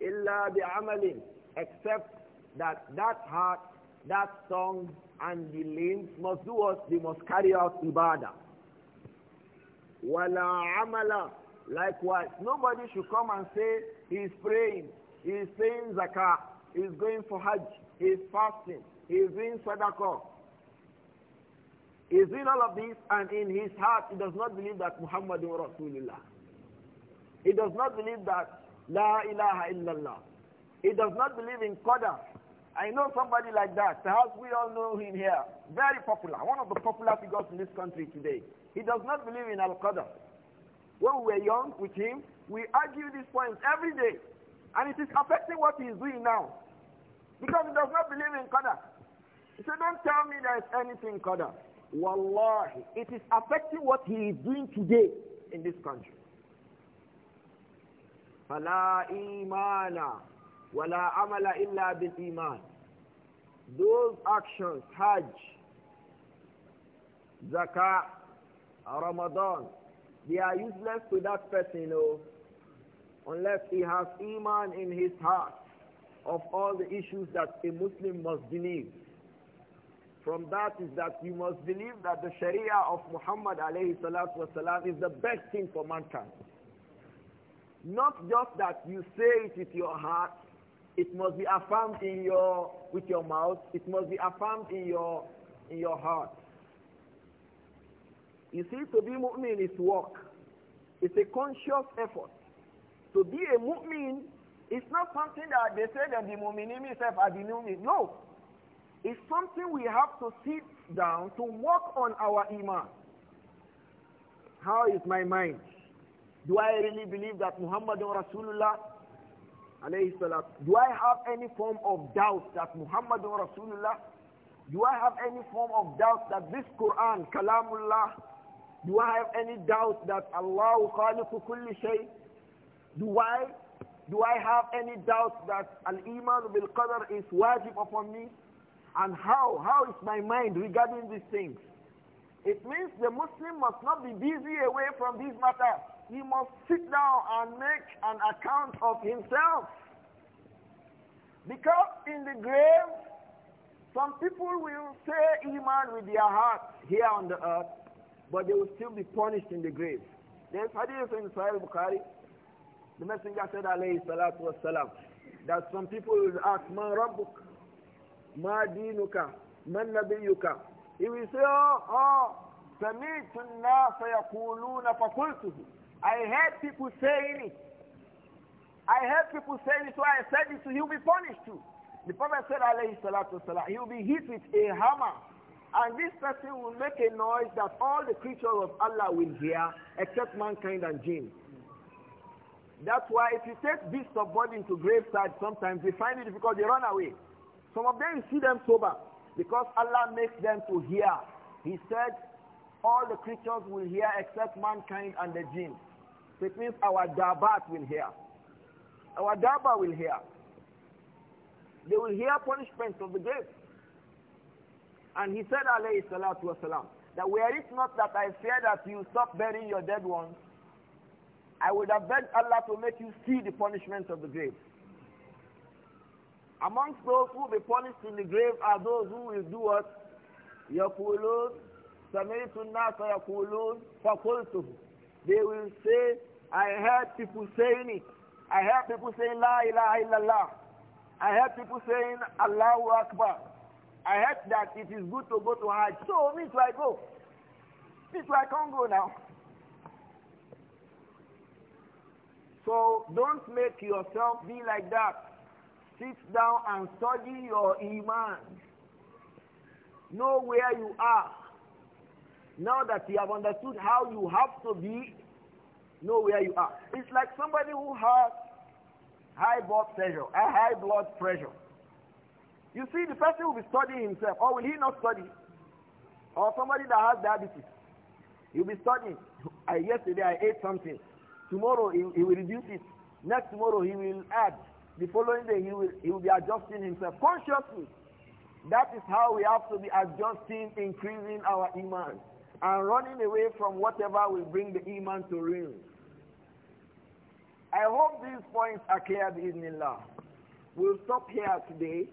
Illa bi amalin. Except that that heart that song and the limbs must do what? They must carry out ibadah. Wala amala. Likewise, nobody should come and say he is praying, he is paying zakah, he is going for hajj, he is fasting, he is doing sadaqah. He is doing all of this and in his heart he does not believe that Muhammad is Rasulullah. He does not believe that La ilaha illallah. He does not believe in Qadar. I know somebody like that. Perhaps we all know him here. Very popular. One of the popular figures in this country today. He does not believe in Al-Qadr. When we were young with him, we argue these points every day. And it is affecting what he is doing now. Because he does not believe in Qadr. He said, don't tell me there is anything Qadr. Wallahi, it is affecting what he is doing today in this country. فَلَا إِيمَانَ وَلَا عَمَلَ إِلَّا iman Those actions, Hajj, Zakat, Ramadan, they are useless to that person, you know, unless he has Iman in his heart of all the issues that a Muslim must believe. From that is that you must believe that the Sharia of Muhammad alayhi salatu wasalam is the best thing for mankind. Not just that you say it with your heart, it must be affirmed in your, with your mouth. It must be affirmed in your, in your heart. You see, to be mu'min is work. It's a conscious effort. To be a mu'min it's not something that they say that the mu'min himself are the mu'min. No. It's something we have to sit down to work on our iman. How is my mind? Do I really believe that Muhammadun Rasulullah do I have any form of doubt that Muhammad Rasulullah? Do I have any form of doubt that this Quran, Kalamullah, do I have any doubt that Allah khaliqu kulli shay? Do I, do I have any doubt that al-Iman bil-Qadr is wajib upon me? And how, how is my mind regarding these things? It means the Muslim must not be busy away from these matters he must sit down and make an account of himself. Because in the grave, some people will say Iman with their hearts here on the earth, but they will still be punished in the grave. There's hadith in Sahih Bukhari. The Messenger said, alayhi salatu wasalam, that some people will ask, Ma Rabbuk, Ma Dinuka, Man Nabiyuka. He will say, Oh, oh, سمعت الناس يقولون فقلته I heard people saying it. I heard people saying it, so I said it, so he'll be punished too. The Prophet said, alayhi salatu salam." he'll be hit with a hammer. And this person will make a noise that all the creatures of Allah will hear, except mankind and jinn. That's why if you take beasts of burden to graveside, sometimes they find it because they run away. Some of them, you see them sober because Allah makes them to hear. He said, all the creatures will hear except mankind and the jinn. So it means our dabat will hear. Our daba will hear. They will hear punishment of the grave. And he said, alayhi salatu wasalam, that were it not that I fear that you stop burying your dead ones, I would have begged Allah to make you see the punishment of the grave. Amongst those who will be punished in the grave are those who will do what? يَقُولُونَ سَمِعْتُ النَّاسَ يَقُولُونَ فَقُلْتُهُ They will say, I heard people saying it. I heard people saying La ilaha illallah. I heard people saying Allahu Akbar. I heard that it is good to go to Hajj. So me too I go. Me too I can't go now. So don't make yourself be like that. Sit down and study your Iman. Know where you are. Now that you have understood how you have to be, Know where you are. It's like somebody who has high blood pressure, a high blood pressure. You see, the person will be studying himself, or will he not study? Or somebody that has diabetes, he'll be studying. I, yesterday I ate something. Tomorrow he, he will reduce it. Next tomorrow he will add. The following day he will, he will be adjusting himself consciously. That is how we have to be adjusting, increasing our iman and running away from whatever will bring the iman to ruin. I hope these points are clear, Bismillah. We'll stop here today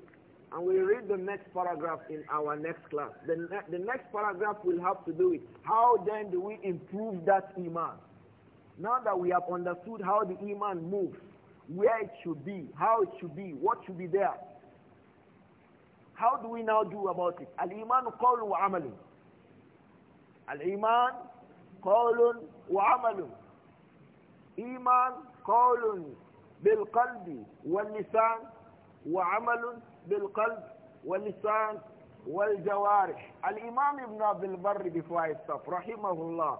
and we'll read the next paragraph in our next class. The, ne the next paragraph will have to do with how then do we improve that iman? Now that we have understood how the iman moves, where it should be, how it should be, what should be there, how do we now do about it? Al-imanu qawlu wa الإيمان قول وعمل إيمان قول بالقلب واللسان وعمل بالقلب واللسان والجوارح الإمام ابن عبد البر before الصف رحمه الله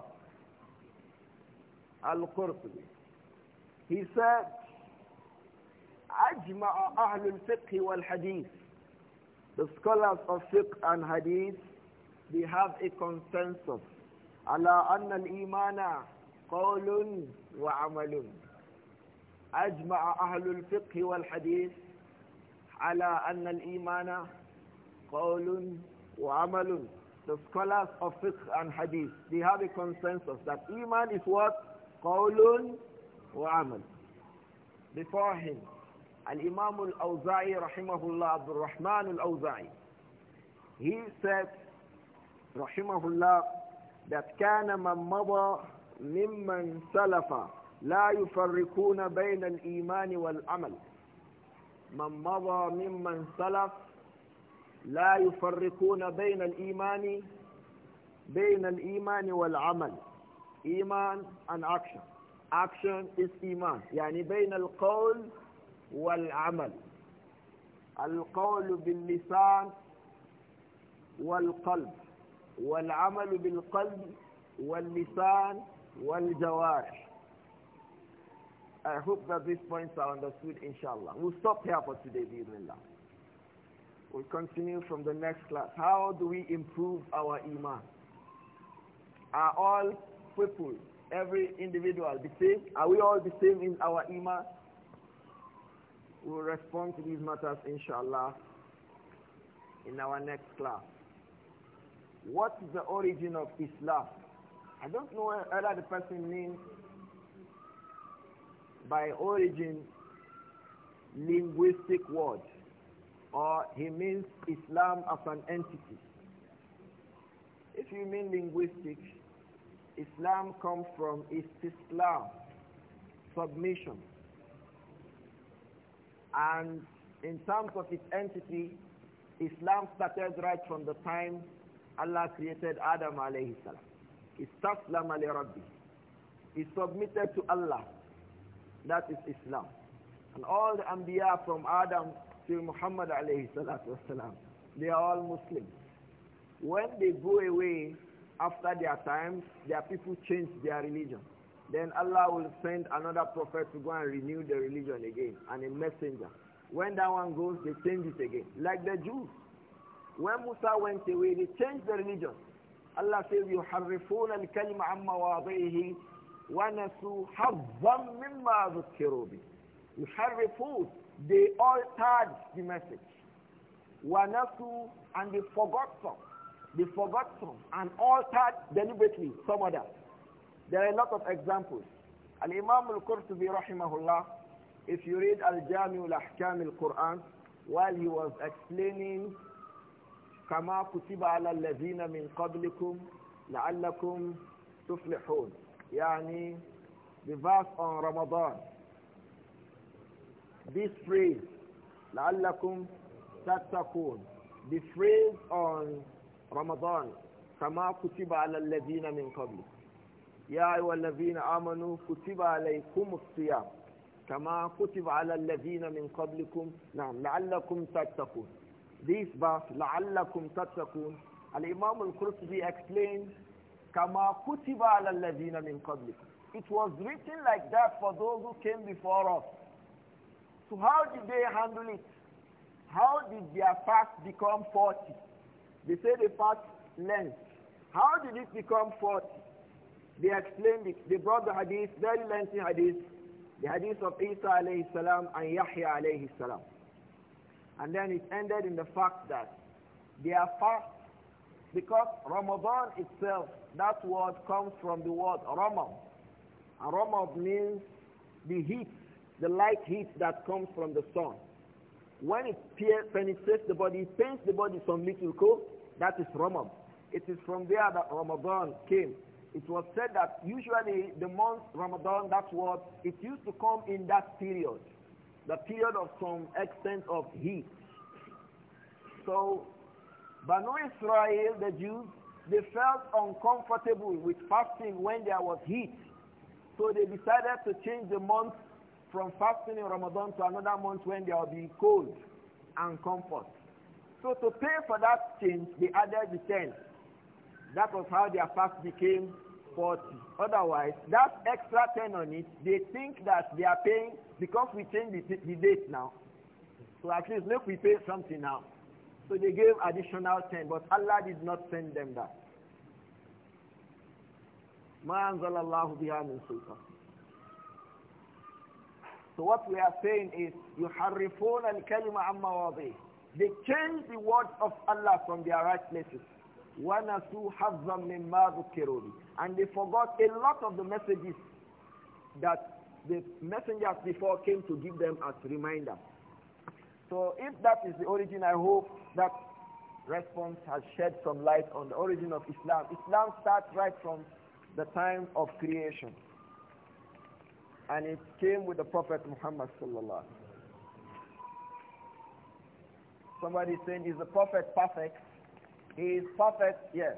القرطبي he said أجمع أهل الفقه والحديث the scholars of fiqh and hadith they have a consensus. ala anna al-imana qawlun wa amalun. أجمع أهل الفقه والحديث على أن الإيمان قول وعمل The scholars of fiqh and hadith, they have a consensus that iman is what? قول وعمل Before him, Al-Imam Al-Awza'i رحمه الله, Abdul Rahman Al-Awza'i, he said رحمه الله that كان من مضى ممن سلف لا يفرقون بين الإيمان والعمل من مضى ممن سلف لا يفرقون بين الإيمان بين الإيمان والعمل إيمان and action action is إيمان يعني بين القول والعمل القول باللسان والقلب والعمل بالقلب واللسان والجوارح I hope that these points are understood inshallah. We'll stop here for today, bismillah. We'll continue from the next class. How do we improve our iman? Are all people, every individual the same? Are we all the same in our iman? We'll respond to these matters inshallah in our next class. What is the origin of Islam? I don't know whether the person means by origin linguistic word or he means Islam as an entity. If you mean linguistic, Islam comes from Islam, submission. And in terms of its entity, Islam started right from the time Allah created Adam alayhi salam. Istaslama li Rabbi. He submitted to Allah. That is Islam. And all the Anbiya from Adam to Muhammad alayhi salatu wasalam, they are all Muslims. When they go away after their time, their people change their religion. Then Allah will send another prophet to go and renew the religion again and a messenger. When that one goes, they change it again. Like the Jews. When Musa went away, they changed the religion. Allah says, يُحَرِّفُونَ الْكَلِمَ عَمَّ wa nasu حَظًّا مِمَّا ذُكِّرُوا You يُحَرِّفُونَ They altered the message. nasu, And they forgot some. They forgot some and altered deliberately some others. There are a lot of examples. Al-Imam Al-Qurtubi rahimahullah, if you read Al-Jami Al-Ahkam Al-Quran, while he was explaining كما كتب على الذين من قبلكم لعلكم تفلحون يعني the verse on Ramadan this phrase لعلكم تتقون the phrase on Ramadan كما كتب على الذين من قبلكم يا أيها الذين آمنوا كتب عليكم الصيام كما كتب على الذين من قبلكم نعم لعلكم تتقون this verse, لَعَلَّكُمْ تَتَّقُونَ Al-Imam al-Qurtubi explained, كَمَا كُتِبَ عَلَى الَّذِينَ مِنْ It was written like that for those who came before us. So how did they handle it? How did their fast become 40? They say the fast length. How did it become 40? They explained it. They brought the hadith, very lengthy hadith, the hadith of Isa alayhi salam and Yahya alayhi salam. And then it ended in the fact that they are fast, because Ramadan itself, that word comes from the word Ramam. And Ramam means the heat, the light heat that comes from the sun. When it penetrates the body, it pains the body some little cold, that is Ramam. It is from there that Ramadan came. It was said that usually the month Ramadan, that word, it used to come in that period the period of some extent of heat. So, Banu Israel, the Jews, they felt uncomfortable with fasting when there was heat. So they decided to change the month from fasting in Ramadan to another month when there will be cold and comfort. So to pay for that change, they added the 10. That was how their fast became 40. Otherwise, that extra 10 on it, they think that they are paying because we changed the, the date now. So at least look, we pay something now. So they gave additional 10, but Allah did not send them that. So what we are saying is, يُحَرِّفُونَ الْكَلِمَ عَمَّ وَضِيهِ They change the words of Allah from their right places. وَنَسُوا حَظًّا مِمَّا ذُكِّرُوا and they forgot a lot of the messages that the messengers before came to give them as reminder. So if that is the origin, I hope that response has shed some light on the origin of Islam. Islam starts right from the time of creation. And it came with the Prophet Muhammad sallallahu Somebody is saying, is the Prophet perfect? He is perfect, yes.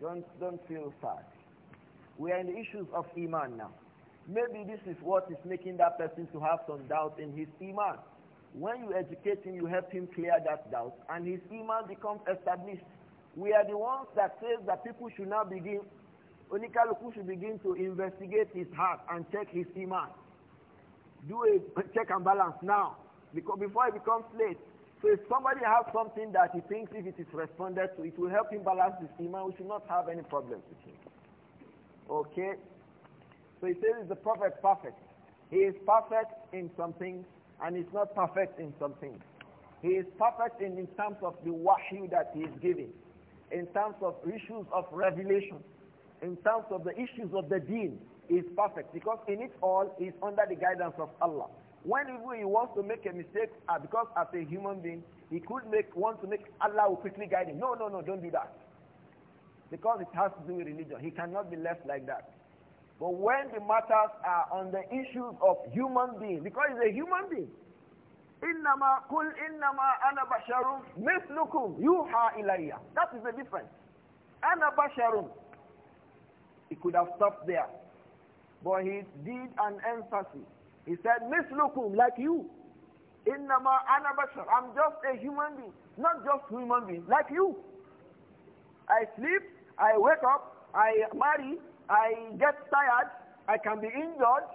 Don't, don't feel sad. We are in the issues of Iman now. Maybe this is what is making that person to have some doubt in his Iman. When you educate him, you help him clear that doubt, and his Iman becomes established. We are the ones that says that people should now begin, Onikaluku should begin to investigate his heart and check his Iman. Do a check and balance now, because before it becomes late. So if somebody has something that he thinks if it is responded to, it will help him balance his Iman, we should not have any problems with him. Okay? So he says, he's the Prophet perfect? He is perfect in some things and he's not perfect in some things. He is perfect in, in terms of the wahyu that he is giving, in terms of issues of revelation, in terms of the issues of the deen, is perfect because in it all is under the guidance of Allah. Whenever he wants to make a mistake, ah, because as a human being, he could make want to make Allah will quickly guide him. No, no, no, don't do that because it has to do with religion. He cannot be left like that. But when the matters are on the issues of human being, because he's a human being, innama kul innama ana basharun mislukum yuha ilayya. That is the difference. Ana He could have stopped there. But he did an emphasis. He said, mislukum, like you. Innama ana bashar. I'm just a human being. Not just human being, like you. I sleep, I wake up, I marry, I get tired, I can be injured,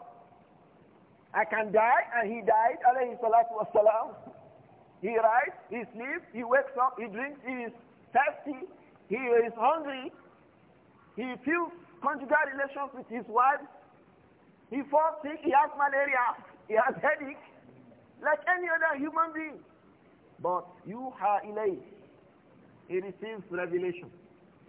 I can die, and he died, alayhi salatu wasalam. He rides, he sleeps, he wakes up, he drinks, he is thirsty, he is hungry, he feels conjugal relations with his wife, he falls sick, he has malaria, he has headache, like any other human being. But you are ilayh. He receives revelation.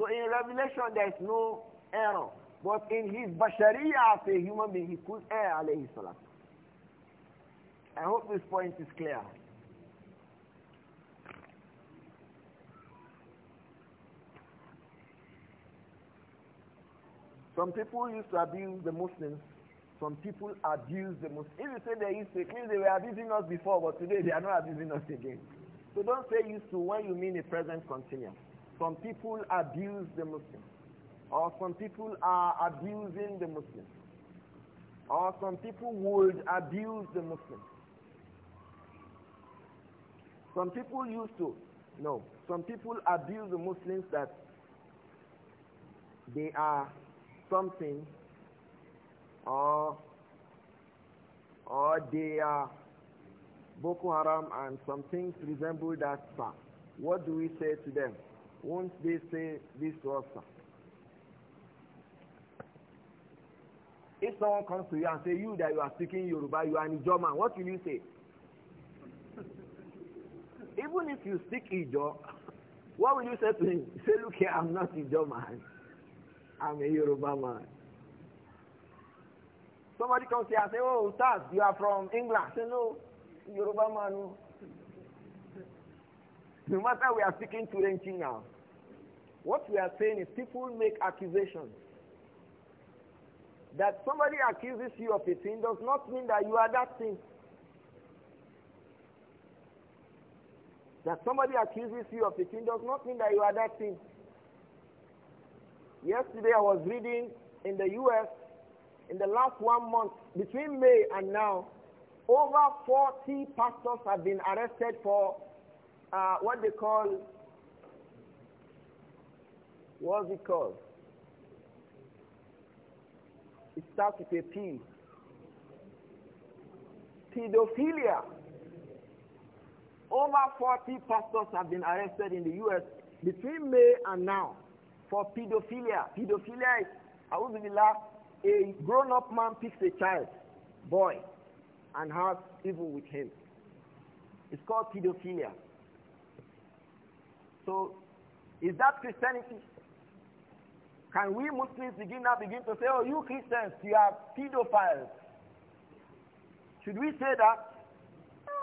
So in revelation, there is no error. But in his bashariya as a human being, he could err, alayhi salam. I hope this point is clear. Some people used to abuse the Muslims. Some people abuse the Muslims. If you say they used to, they were abusing us before, but today they are not abusing us again. So don't say used to when you mean a present continuous. Some people abuse the Muslims. Or some people are abusing the Muslims. Or some people would abuse the Muslims. Some people used to. No. Some people abuse the Muslims that they are something or or they are Boko Haram and some things resemble that star. What do we say to them? won't they say this to us? If someone comes to you and say you that you are speaking Yoruba, you are an German, what will you say? Even if you speak Ijo, what will you say to him? Say, look here, I'm not Ijo man. I'm a Yoruba man. Somebody comes here and say, oh, that's you are from England. Say, no, Yoruba man. No. No matter we are speaking to Renchi now, what we are saying is people make accusations. That somebody accuses you of a thing does not mean that you are that thing. That somebody accuses you of a thing does not mean that you are that thing. Yesterday I was reading in the US, in the last one month, between May and now, over 40 pastors have been arrested for uh, what they call, what's it called? It starts with a P. Pedophilia. Over 40 pastors have been arrested in the U.S. between May and now for pedophilia. Pedophilia is, Auzubillah, a grown-up man picks a child, boy, and has evil with him. It's called pedophilia. So, is that Christianity? Can we Muslims begin now begin to say, oh, you Christians, you are pedophiles? Should we say that? No.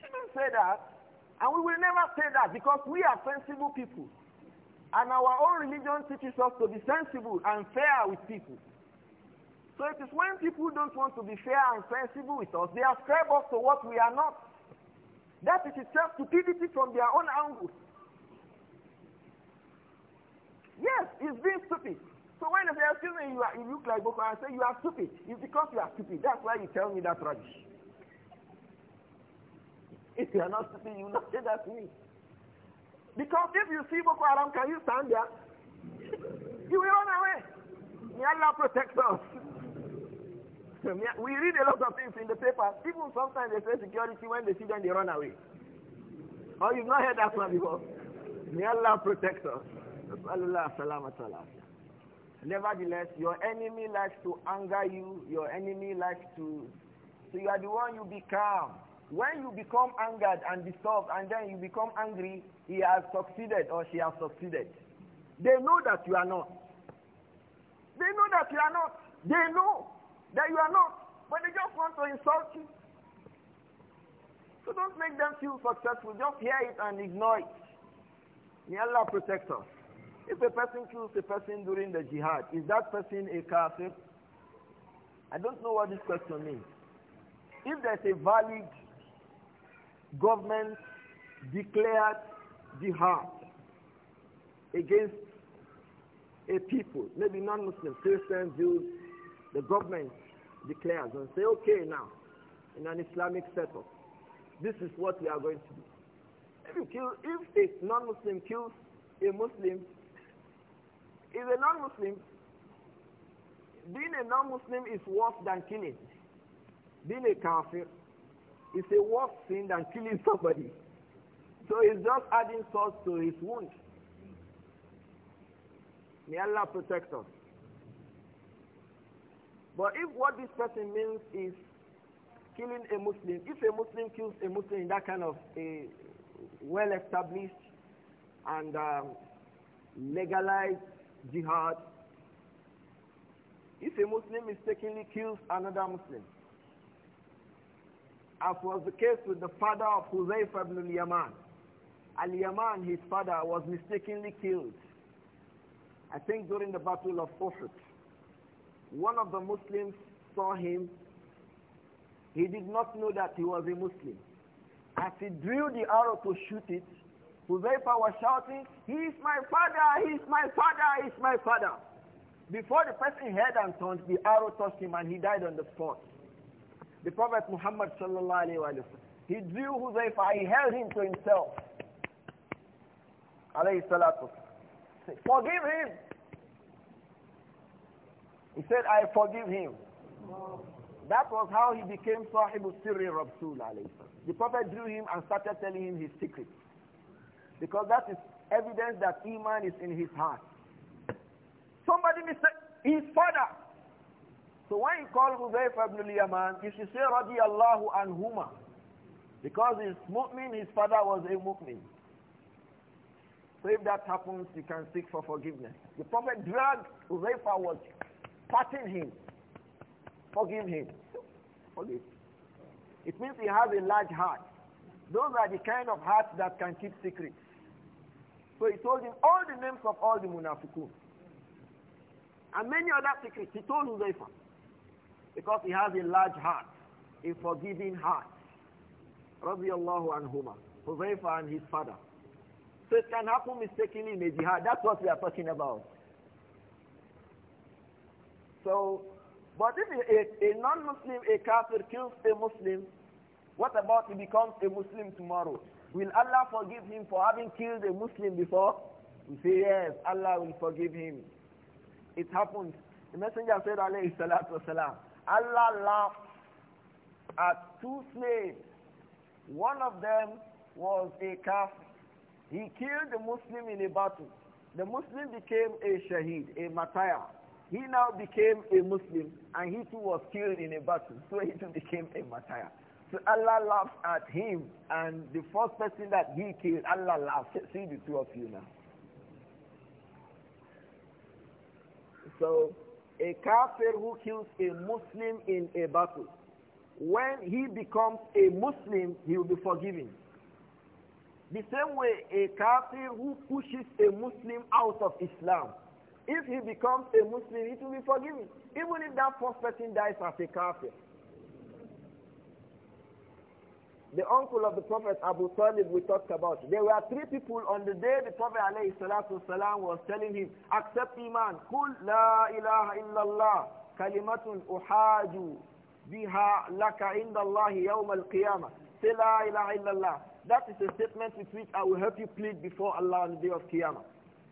Shouldn't say that. And we will never say that because we are sensible people. And our own religion teaches us to be sensible and fair with people. So it is when people don't want to be fair and sensible with us, they ascribe us to what we are not. That is itself stupidity from their own angle. Yes, it's being stupid. So when they are excuse me, you, are, you look like Boko and I say you are stupid. It's because you are stupid. That's why you tell me that rubbish. If you are not stupid, you will not say that to me. Because if you see Boko Haram, can you stand there? You will run away. May Allah protect us we read a lot of things in the paper. People sometimes they say security when they see them they run away. Oh, you've not heard that one before. May Allah protect us. Nevertheless, your enemy likes to anger you. Your enemy likes to. So you are the one you become. When you become angered and disturbed, and then you become angry, he has succeeded or she has succeeded. They know that you are not. They know that you are not. They know that you are not, but they just want to insult you. So don't make them feel successful. Just hear it and ignore it. May Allah protect us. If a person kills a person during the jihad, is that person a kafir? I don't know what this question means. If there's a valid government declared jihad against a people, maybe non-Muslims, Christians, Jews, the government declares and say, okay, now, in an Islamic setup, this is what we are going to do. If you kill, if a non-Muslim kills a Muslim, is a non-Muslim. Being a non-Muslim is worse than killing. Being a kafir is a worse sin than killing somebody. So it's just adding salt to his wound. May Allah protect us. But if what this person means is killing a Muslim, if a Muslim kills a Muslim in that kind of a well-established and um, legalized jihad, if a Muslim mistakenly kills another Muslim, as was the case with the father of Huzayf ibn al-Yaman, al-Yaman, his father, was mistakenly killed, I think during the battle of Uhud one of the Muslims saw him. He did not know that he was a Muslim. As he drew the arrow to shoot it, Huzaifa was shouting, He is my father, he is my father, he is my father. Before the person heard and turned, the arrow touched him and he died on the spot. The Prophet Muhammad sallallahu alayhi wa he drew Huzaifa, he held him to himself. Alayhi salatu. Forgive him, he said, I forgive him. That was how he became Sahib Sirri Rasul The Prophet drew him and started telling him his secret. Because that is evidence that Iman is in his heart. Somebody mistake his father. So when you call Huzaifa ibn al-Yaman, you should say Allahu anhuma. Because his mu'min, his father was a mu'min. So if that happens, you can seek for forgiveness. The Prophet dragged Huzaifa was Pardon him. Forgive him. It means he has a large heart. Those are the kind of hearts that can keep secrets. So he told him all the names of all the munafiqun. And many other secrets. He told Uzaifa. Because he has a large heart. A forgiving heart. Radiallahu anhuma. Uzaifa and his father. So it can happen mistakenly in a jihad. That's what we are talking about. So, but if a, a, non-Muslim, a kafir kills a Muslim, what about he becomes a Muslim tomorrow? Will Allah forgive him for having killed a Muslim before? We say yes, Allah will forgive him. It happened. The messenger said, alayhi salatu wasalam, Allah laughed at two slaves. One of them was a kafir. He killed a Muslim in a battle. The Muslim became a shaheed, a martyr. He now became a Muslim and he too was killed in a battle. So he too became a martyr. So Allah laughs at him and the first person that he killed, Allah laughs. See the two of you now. So a kafir who kills a Muslim in a battle, when he becomes a Muslim, he will be forgiven. The same way a kafir who pushes a Muslim out of Islam, if he becomes a Muslim, it will be forgiven, even if that first person dies as a kafir. The uncle of the Prophet Abu Talib we talked about. There were three people on the day the Prophet والسلام, was telling him, accept Iman, Kul la ilaha illallah, kalimatun uhaju biha laka indallahi yawm al-qiyamah. Say la ilaha illallah. That is a statement with which I will help you plead before Allah on the day of Qiyamah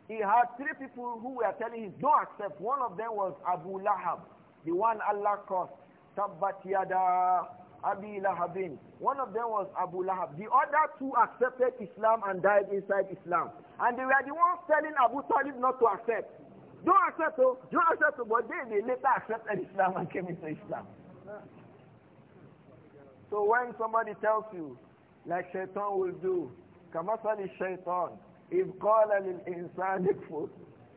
he had three people who were telling him, don't accept. One of them was Abu Lahab, the one Allah crossed. Tabbat yada Abi Lahabin. One of them was Abu Lahab. The other two accepted Islam and died inside Islam. And they were the ones telling Abu Talib not to accept. Don't accept, oh, don't accept, oh. But they, they later accepted Islam and came into Islam. So when somebody tells you, like Shaitan will do, Kamasali Shaitan, إذ قال للإنسان اكفر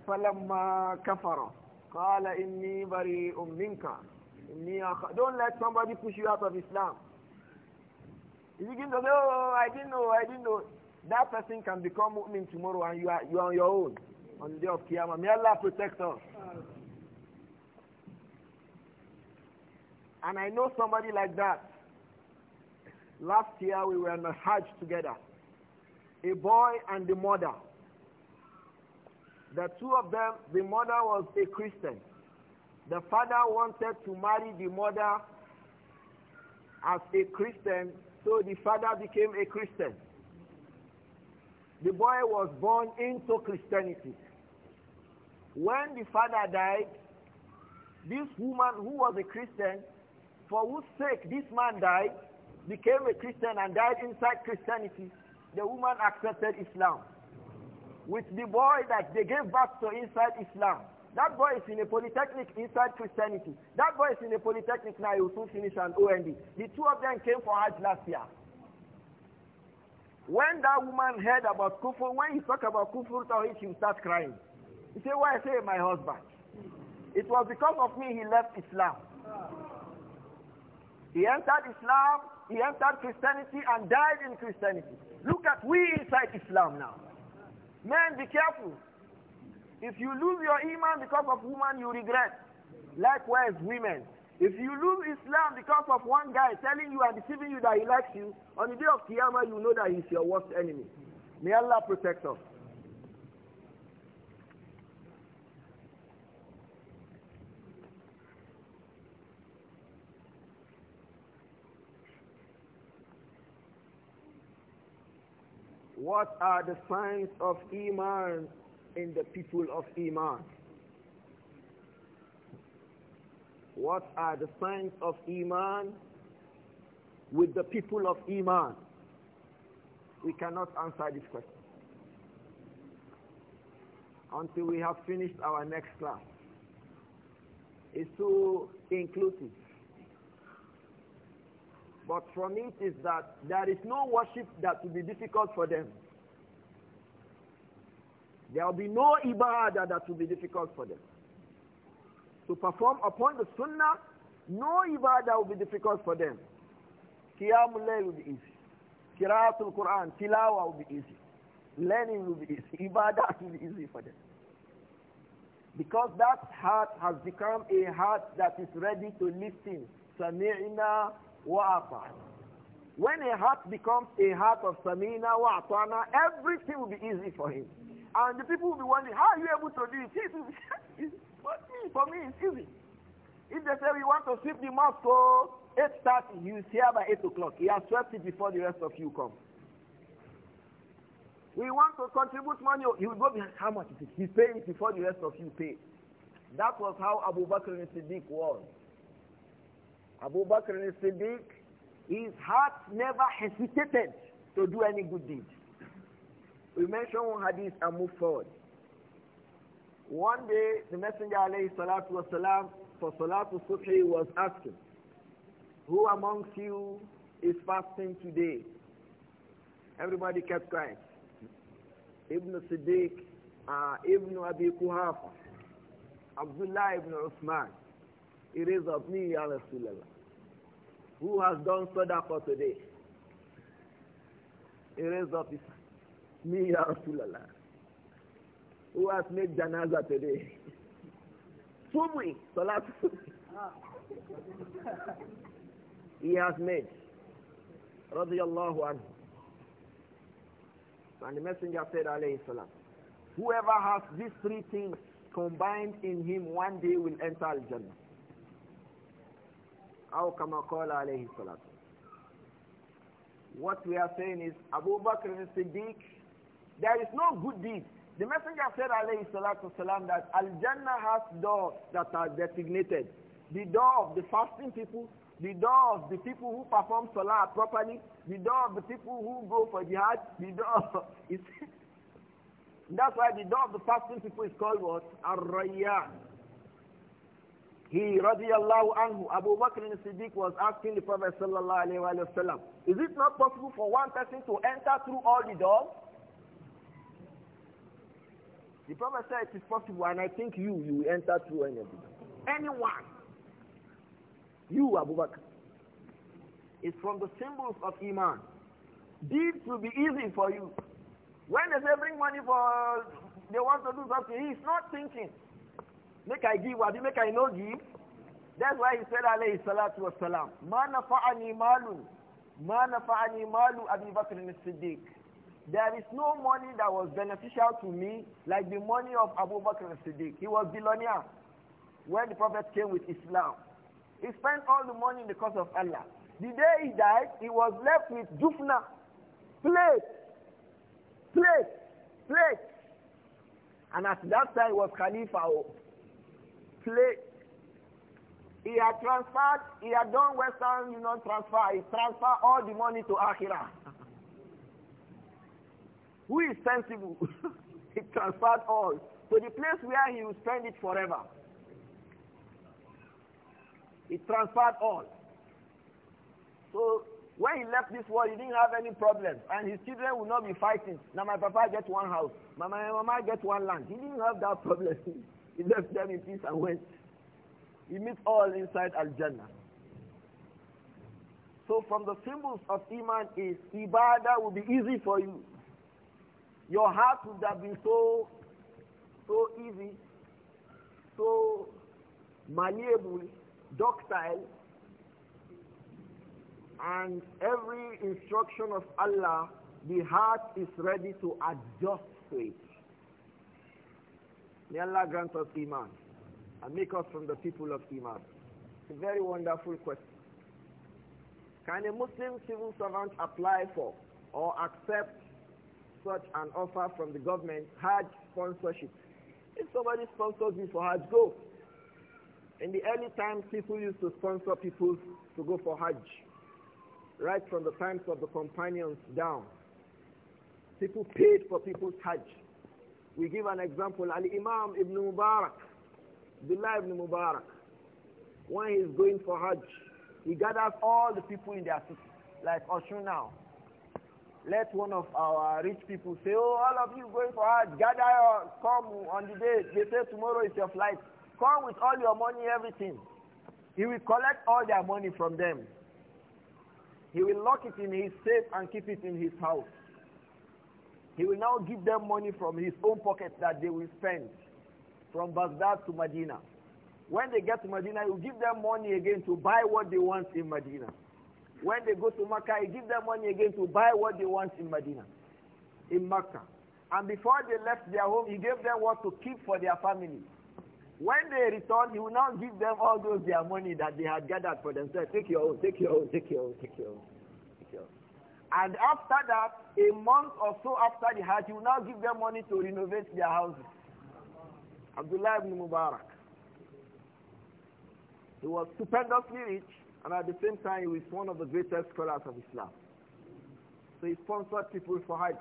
فلما كفر قال إني بريء منك إني أخ... Don't let somebody push you out of Islam. If you to say, oh, I didn't know, I didn't know. That person can become mu'min tomorrow and you are, you are on your own on the day of Qiyamah. May Allah protect us. And I know somebody like that. Last year we were in a Hajj together a boy and the mother. The two of them, the mother was a Christian. The father wanted to marry the mother as a Christian, so the father became a Christian. The boy was born into Christianity. When the father died, this woman who was a Christian, for whose sake this man died, became a Christian and died inside Christianity, the woman accepted Islam. With the boy that they gave birth to inside Islam. That boy is in a polytechnic inside Christianity. That boy is in a polytechnic now. He will soon finish an OND. The two of them came for Hajj last year. When that woman heard about Kufur, when he talked about Kufur Tawhid, she started crying. He said, why I say my husband? It was because of me he left Islam. He entered Islam, he entered Christianity and died in Christianity. Look at we inside Islam now. Men, be careful. If you lose your iman because of woman, you regret. Likewise, women. If you lose Islam because of one guy telling you and deceiving you that he likes you, on the day of Qiyamah, you know that he's your worst enemy. May Allah protect us. What are the signs of Iman in the people of Iman? What are the signs of Iman with the people of Iman? We cannot answer this question until we have finished our next class. It's too inclusive. But from it is that there is no worship that will be difficult for them. There will be no ibadah that will be difficult for them. To perform upon the sunnah, no ibadah will be difficult for them. Qiyamul layl will be easy. Qiraatul Quran, tilawa will be easy. Learning will be easy. Ibadah will be easy for them. Because that heart has become a heart that is ready to listen. سَمِعْنَا wa'ata. When a heart becomes a heart of samina wa'atana, everything will be easy for him. And the people will be wondering, how are you able to do it? for me, it's easy. If they say we want to sweep the mosque, oh, 8.30, he is here by 8 o'clock. He has swept it before the rest of you come. We want to contribute money. He will go behind how much it is. He pays before the rest of you pay. That was how Abu Bakr al Siddiq was. Abu Bakr al-Siddiq, his heart never hesitated to do any good deed. We mentioned one hadith and move forward. One day, the Messenger alayhi salatu wasalam, for salatu subhi was asking, who amongst you is fasting today? Everybody kept quiet. Ibn Siddiq, uh, Ibn Abi Kuhafa, Abdullah ibn Uthman, he raised up me, Ya Rasulallah. Who has done sadaqah today? He raised up his, me, Ya Rasulallah. Who has made janaza today? Subri, Salat He has made. Radiallahu anhu. And the messenger said, alayhi salam, whoever has these three things combined in him one day will enter Al-Jannah. What we are saying is Abu Bakr and Siddiq, there is no good deed. The messenger said alayhi salatu salam that Al-Jannah has doors that are designated. The door of the fasting people, the door of the people who perform salah properly, the door of the people who go for jihad, the door is... That's why the door of the fasting people is called what? Ar-Rayyan he radiallahu anhu, Abu Bakr al-Siddiq was asking the Prophet sallallahu alayhi wa sallam, is it not possible for one person to enter through all the doors? The Prophet said it is possible and I think you, you will enter through any of the doors. Anyone. You, Abu Bakr. It's from the symbols of Iman. Deeds will be easy for you. When they say bring money for, they want to do something, he's not thinking. Make I give, Wadi, make I no give. That's why he said, alayhi salatu wasalam, ma nafa'ani malun, ma nafa'ani malu Abu Bakr as-Siddiq. There is no money that was beneficial to me like the money of Abu Bakr as-Siddiq. He was billionaire when the Prophet came with Islam. He spent all the money in the cause of Allah. The day he died, he was left with jufna, plate, plate, plate. And at that time, he was Khalifa. Oh. He had transferred, he had done Western Union transfer, he transferred all the money to Akira. Who is sensible? he transferred all to the place where he will spend it forever. He transferred all. So when he left this world, he didn't have any problems, and his children will not be fighting. Now my papa gets one house, my mama gets one land. He didn't have that problem. He left them in peace and went. He meets all inside Al-Jannah. So from the symbols of Iman is Ibadah will be easy for you. Your heart would have been so, so easy, so malleable, docile, and every instruction of Allah, the heart is ready to adjust to it. May Allah grant us Iman and make us from the people of Iman. It's a very wonderful question. Can a Muslim civil servant apply for or accept such an offer from the government, Hajj sponsorship? If somebody sponsors me for Hajj, go. In the early times, people used to sponsor people to go for Hajj, right from the times of the companions down. People paid for people's Hajj. We give an example, Al-Imam Ibn Mubarak, Billah Ibn Mubarak, when he is going for Hajj, he gathers all the people in their city, like Oshun now. Let one of our rich people say, oh, all of you going for Hajj, gather, your, come on the day. They say tomorrow is your flight. Come with all your money, everything. He will collect all their money from them. He will lock it in his safe and keep it in his house. He will now give them money from his own pocket that they will spend from Baghdad to Medina. When they get to Medina, he will give them money again to buy what they want in Medina. When they go to Mecca, he give them money again to buy what they want in Medina, in Mecca. And before they left their home, he gave them what to keep for their family. When they return, he will now give them all those their money that they had gathered for themselves. Take your own, take your own, take your own, take your own. And after that, a month or so after the Hajj, he will now give them money to renovate their houses. Abdullah ibn Mubarak. He was stupendously rich, and at the same time, he was one of the greatest scholars of Islam. So he sponsored people for Hajj.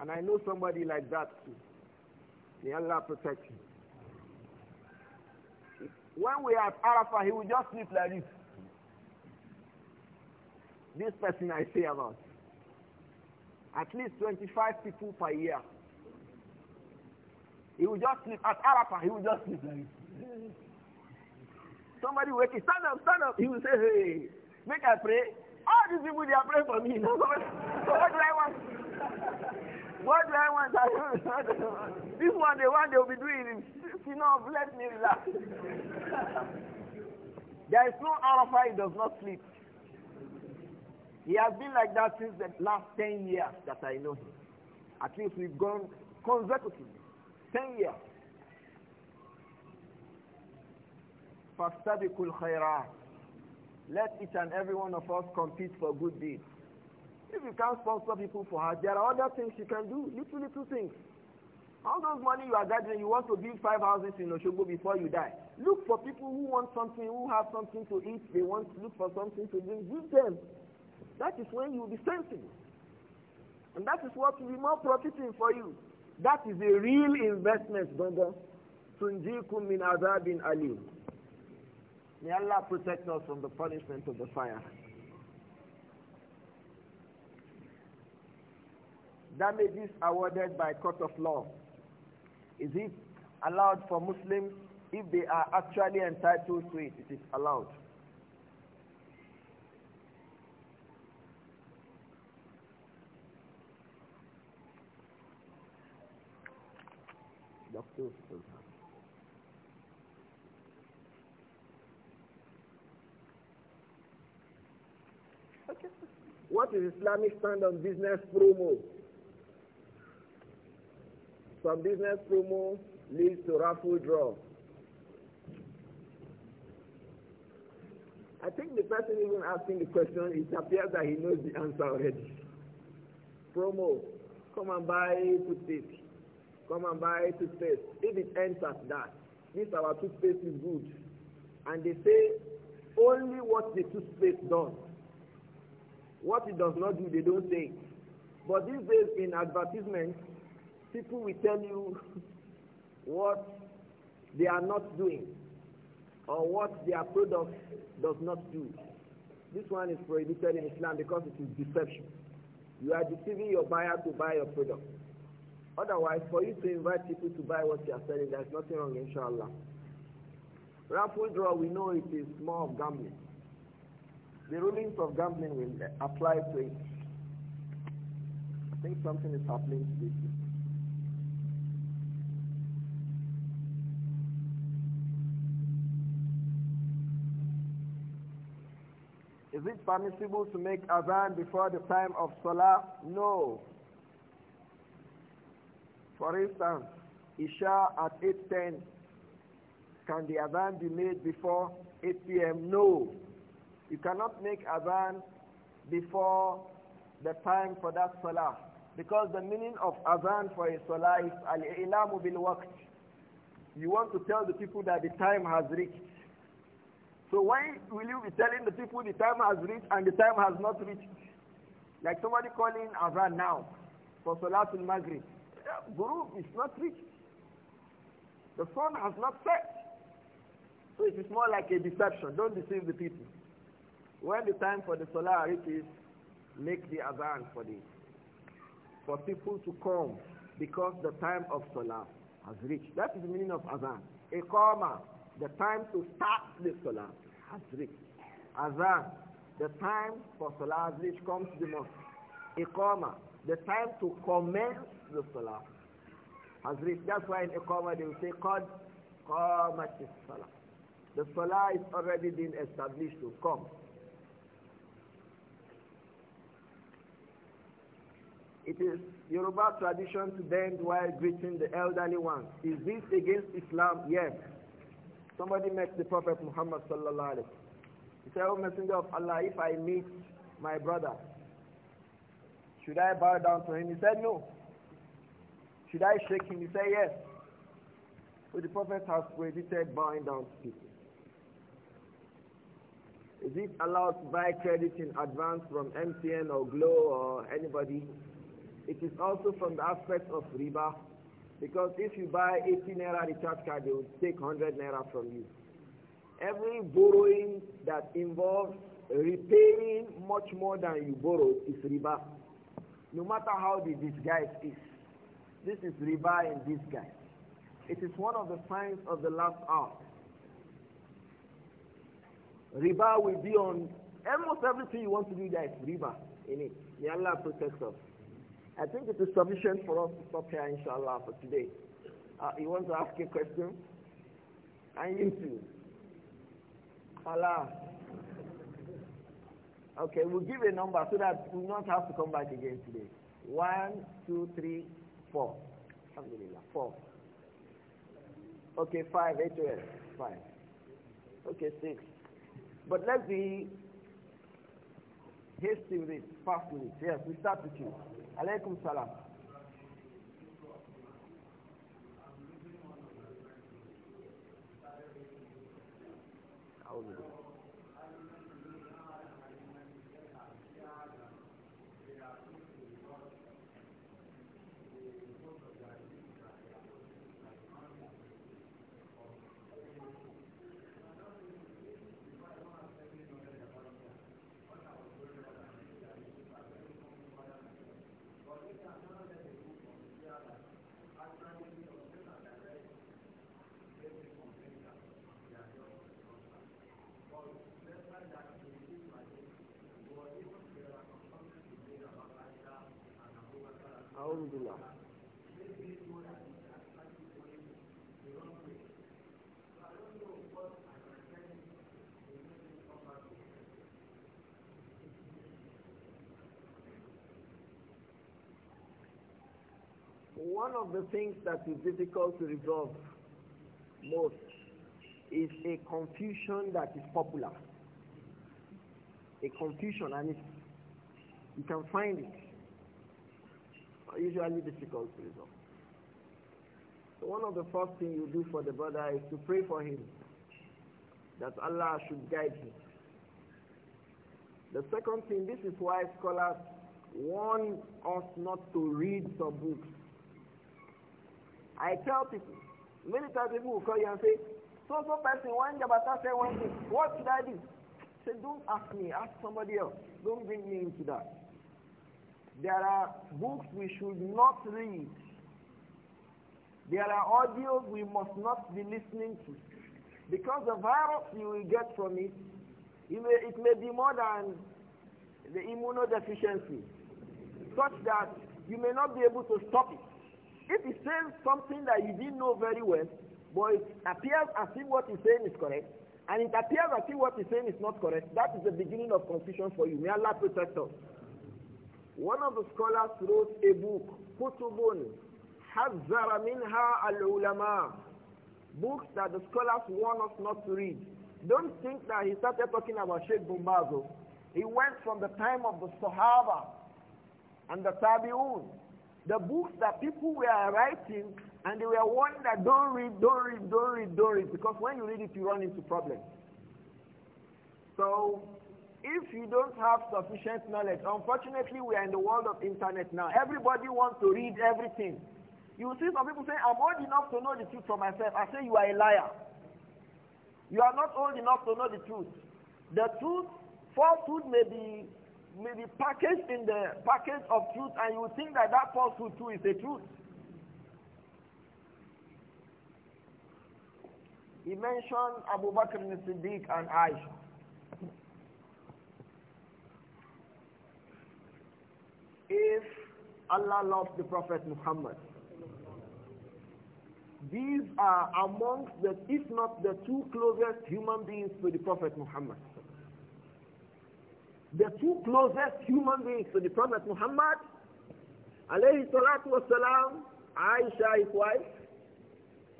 And I know somebody like that too. May Allah protect him. When we are at Arafah, he will just sleep like this. This person I say about. At least 25 people per year. He will just sleep. At Arapa. he will just sleep like Somebody wake him, stand up, stand up. He will say, hey, make I pray. All these people, they are praying for me. so what do I want? What do I want? this one, the one they will be doing, you know, let me relax. there is no Arafah, he does not sleep. He has been like that since the last 10 years that I know him. At least we've gone consecutively. 10 years. فَاسْتَبِقُوا الْخَيْرَاتِ Let each and every one of us compete for good deeds. If you can't sponsor people for her, there are other things you can do, little, little things. All those money you are gathering, you want to build five houses in Oshogo before you die. Look for people who want something, who have something to eat, they want to look for something to drink, give them. That is when you will be sensible. And that is what will be more profiting for you. That is a real investment, Gongo. May Allah protect us from the punishment of the fire. Damages awarded by court of law. Is it allowed for Muslims if they are actually entitled to it? It is allowed. What is Islamic stand on business promo? Some business promo leads to raffle draw. I think the person even asking the question, it appears that he knows the answer already. Promo, come and buy toothpaste. Come and buy toothpaste. If it ends at that, this our toothpaste is good. And they say only what the toothpaste does. What it does not do, they don't say. But these days in advertisements, people will tell you what they are not doing or what their product does not do. This one is prohibited in Islam because it is deception. You are deceiving your buyer to buy your product. Otherwise, for you to invite people to buy what you are selling, there's nothing wrong, inshallah. Raffle draw, we know it is more of gambling. The rulings of gambling will apply to it. I think something is happening to this. Is it permissible to make azan before the time of salah? No. For instance, Isha at 8.10, can the Adhan be made before 8 p.m.? No. You cannot make Adhan before the time for that Salah. Because the meaning of Adhan for a Salah is Al-Ilamu bil Waqt. You want to tell the people that the time has reached. So why will you be telling the people the time has reached and the time has not reached? Like somebody calling Azan now for Salatul Maghrib. The guru is not reached. The sun has not set. So it is more like a deception. Don't deceive the people. When the time for the solar reaches, make the azan for this. For people to come because the time of solar has reached. That is the meaning of A comma, the time to start the solar has reached. Azan, the time for solar has reached comes to the mosque. comma, the time to commence the salah. Has reached. That's why in Iqamah they will say, Qad qamat salah. The salah is already been established to come. It is Yoruba tradition to bend while greeting the elderly ones. Is this against Islam? Yes. Somebody met the Prophet Muhammad sallallahu alaihi wasallam. He said, "O Messenger of Allah, if I meet my brother, should I bow down to him?" He said, "No." Should I shake him? He said, Yes. So the Prophet has prohibited buying down to people. Is it allowed to buy credit in advance from MTN or Glow or anybody? It is also from the aspect of riba because if you buy 80 naira recharge card, they will take 100 naira from you. Every borrowing that involves repaying much more than you borrowed is riba, no matter how the disguise is. This is riba in this guy. It is one of the signs of the last hour. Riba will be on almost everything you want to do there is riba in it. May Allah protect us. I think it is sufficient for us to stop here, inshallah, for today. Uh, you want to ask a question? I you to. Allah. Okay, we'll give a number so that we do not have to come back again today. One, two, three. Four. Alhamdulillah. Four. Okay, five, eight, twelve. Five. Okay, six. But let's be hasty with it, fast with it. Yes, we start with you. alaikum salam. One of the things that is difficult to resolve most is a confusion that is popular. A confusion, and it's, you can find it. Usually difficult to resolve. So one of the first things you do for the brother is to pray for him, that Allah should guide him. The second thing, this is why scholars warn us not to read some books I tell people, many times people will call you and say, so so person, one Jabata said one thing, what should I do? Say, don't ask me, ask somebody else. Don't bring me into that. There are books we should not read. There are audios we must not be listening to. Because the virus you will get from it, it may, it may be more than the immunodeficiency, such that you may not be able to stop it. If he says something that you didn't know very well, but it appears as if what he's saying is correct, and it appears as if what he's saying is not correct, that is the beginning of confusion for you. May Allah protect us. One of the scholars wrote a book, Kutubun, Hazzara Minha Al-Ulama, books that the scholars warn us not to read. Don't think that he started talking about Sheikh Bumbazo. He went from the time of the Sahaba and the Tabi'un the books that people were writing and they were warned that don't read, don't read, don't read, don't read because when you read it you run into problems. So if you don't have sufficient knowledge, unfortunately we are in the world of internet now. Everybody wants to read everything. You see some people saying, I'm old enough to know the truth for myself. I say you are a liar. You are not old enough to know the truth. The truth, falsehood may be may be packaged in the package of truth and you think that that falsehood too is a truth. He mentioned Abu Bakr and Siddiq and Aisha. If Allah loves the Prophet Muhammad, these are amongst the, if not the two closest human beings to the Prophet Muhammad the two closest human beings to the Prophet Muhammad, alayhi salatu wasalam, Aisha his wife,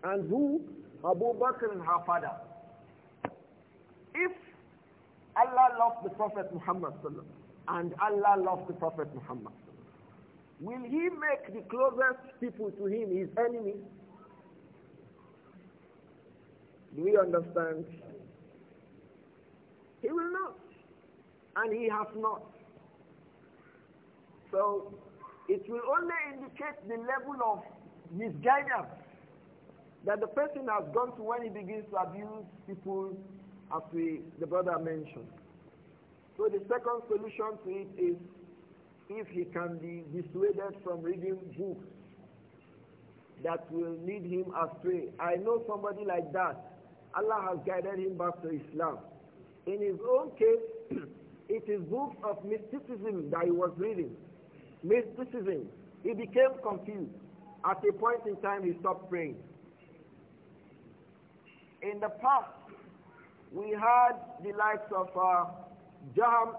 and who? Abu Bakr and her father. If Allah loves the Prophet Muhammad and Allah loves the Prophet Muhammad, will he make the closest people to him his enemy? Do we understand? He will not and he has not. So it will only indicate the level of misguidance that the person has gone to when he begins to abuse people as we, the brother mentioned. So the second solution to it is if he can be dissuaded from reading books that will lead him astray. I know somebody like that. Allah has guided him back to Islam. In his own case, It is book of mysticism that he was reading. Mysticism. He became confused. At a point in time, he stopped praying. In the past, we had the likes of uh, Jaham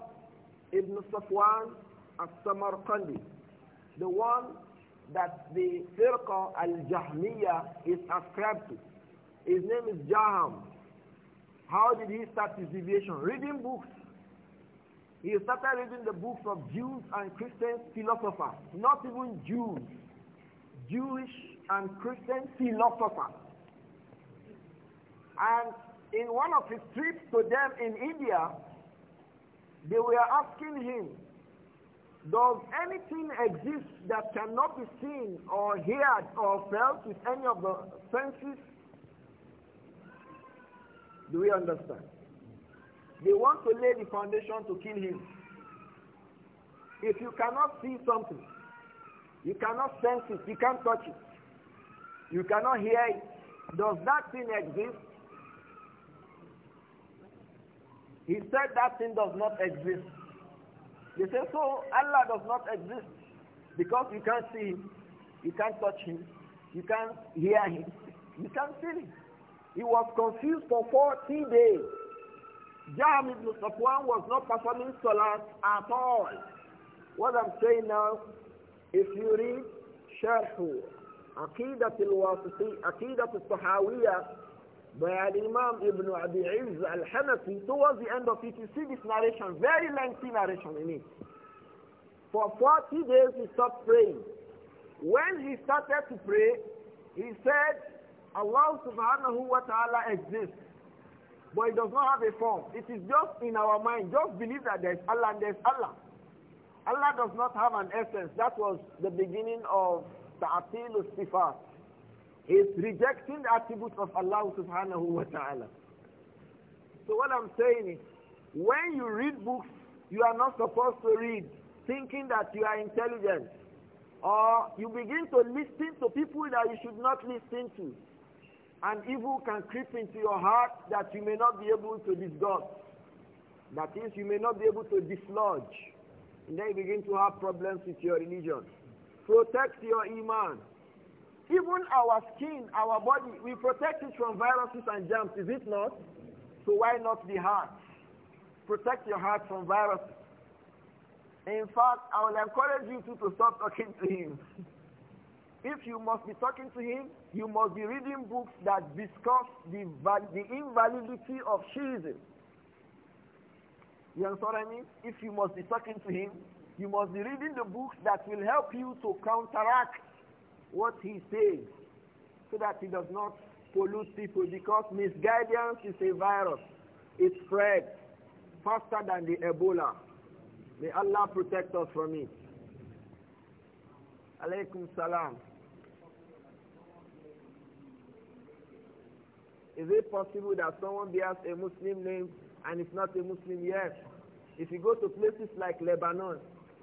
ibn Safwan al Samarkandi, the one that the Firqa al-Jahmiyyah is ascribed to. His name is Jaham. How did he start his deviation? Reading books he started reading the books of Jews and Christian philosophers, not even Jews, Jewish and Christian philosophers. And in one of his trips to them in India, they were asking him, does anything exist that cannot be seen or heard or felt with any of the senses? Do we understand? They want to lay the foundation to kill him. If you cannot see something, you cannot sense it, you can't touch it, you cannot hear it, does that thing exist? He said that thing does not exist. They say, so Allah does not exist because you can't see him, you can't touch him, you can't hear him, you can't feel him. He was confused for 40 days. Jam ibn Safwan was not performing salat at all. What I'm saying now, if you read Sharhu, Aqidat al-Wasiti, Aqidat al-Tahawiyah, by Imam Ibn Abi Izz al-Hanafi, towards the end of it, you see this narration, very lengthy narration in it. For 40 days he stopped praying. When he started to pray, he said, Allah subhanahu wa ta'ala exists. But it does not have a form. It is just in our mind. Just believe that there is Allah and there is Allah. Allah does not have an essence. That was the beginning of Ta'atil Sifat. He is rejecting the attributes of Allah subhanahu wa ta'ala. So what I'm saying is, when you read books, you are not supposed to read thinking that you are intelligent. Or you begin to listen to people that you should not listen to and evil can creep into your heart that you may not be able to disgust. That is, you may not be able to dislodge. And then you begin to have problems with your religion. Protect your iman. Even our skin, our body, we protect it from viruses and germs, is it not? So why not the heart? Protect your heart from viruses. In fact, I will encourage you to, to stop talking to him. If you must be talking to him, you must be reading books that discuss the, the invalidity of Shiism. You understand what I mean? If you must be talking to him, you must be reading the books that will help you to counteract what he says so that he does not pollute people because misguidance is a virus. It spreads faster than the Ebola. May Allah protect us from it. Alaykum salam. Is it possible that someone bears a Muslim name and is not a Muslim? Yes. If you go to places like Lebanon,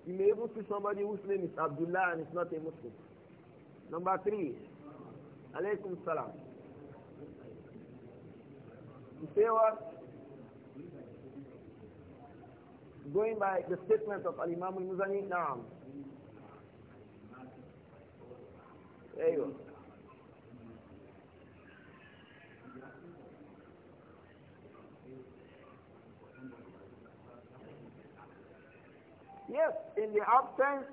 you may even see somebody whose name is Abdullah and is not a Muslim. Number three, alaykum salam. You say what? Going by the statement of Al-Imam al-Muzani, now. There you go. Yes, in the absence,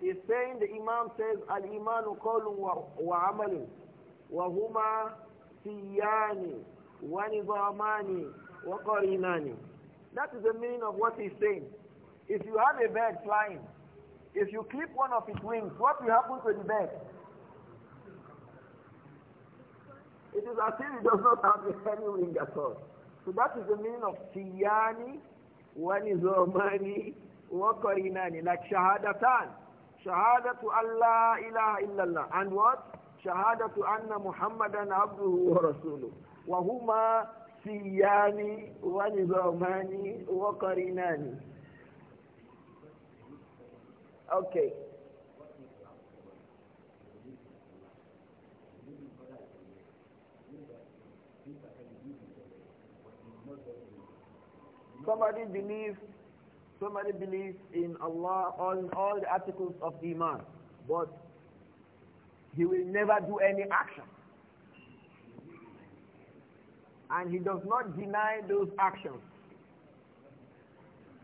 he's saying the Imam says, Al-Imanu qawlun wa amalun, wa huma siyani, wa nizamani, wa qarinani. That is the meaning of what he's saying. If you have a bird flying, if you clip one of its wings, what will happen to the bird? It is as if it does not have any wing at all. So that is the meaning of siyani, wa nizamani, وقرينان like شهادتان شهادة أن لا إله إلا الله and what شهادة أن محمدا عبده ورسوله وهما سيان ونظامان وقرينان okay somebody believes Somebody believes in Allah on all the articles of Iman, but he will never do any action. And he does not deny those actions.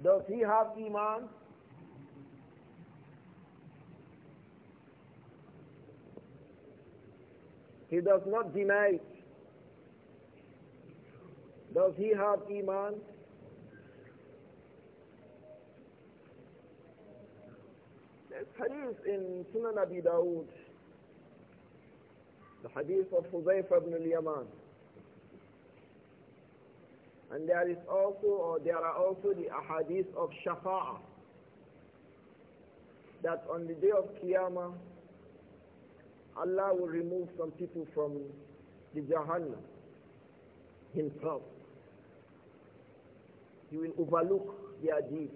Does he have Iman? He does not deny it. Does he have Iman? There's hadith in Sunan Abi Dawud, the hadith of Huzaifa ibn al-Yaman. And there is also, or there are also the ahadith of Shafa'ah, that on the day of Qiyamah, Allah will remove some people from the Jahannam himself. He will overlook their deeds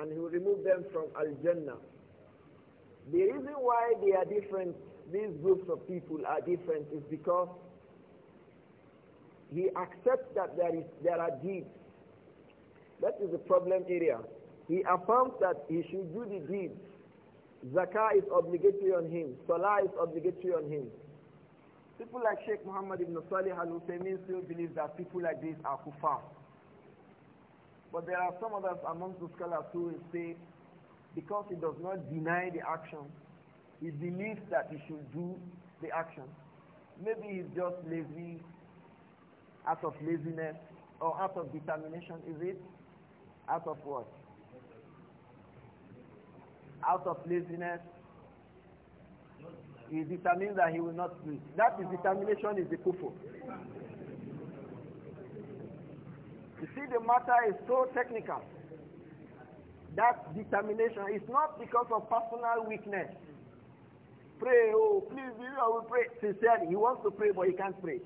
and he will remove them from Al-Jannah. The reason why they are different, these groups of people are different is because he accepts that there, is, there are deeds. That is the problem area. He affirms that he should do the deeds. Zakah is obligatory on him. Salah is obligatory on him. People like Sheikh Muhammad ibn Salih al-Husaymin still believe that people like this are kuffar. But there are some others amongst the scholars who will say, because he does not deny the action, he believes that he should do the action. Maybe he's just lazy, out of laziness, or out of determination, is it? Out of what? Out of laziness. He determines that he will not do it. That is determination is the kufu. You see, the matter is so technical. That determination is not because of personal weakness. Pray, oh, please, I will pray. Sincerely, he wants to pray, but he can't pray.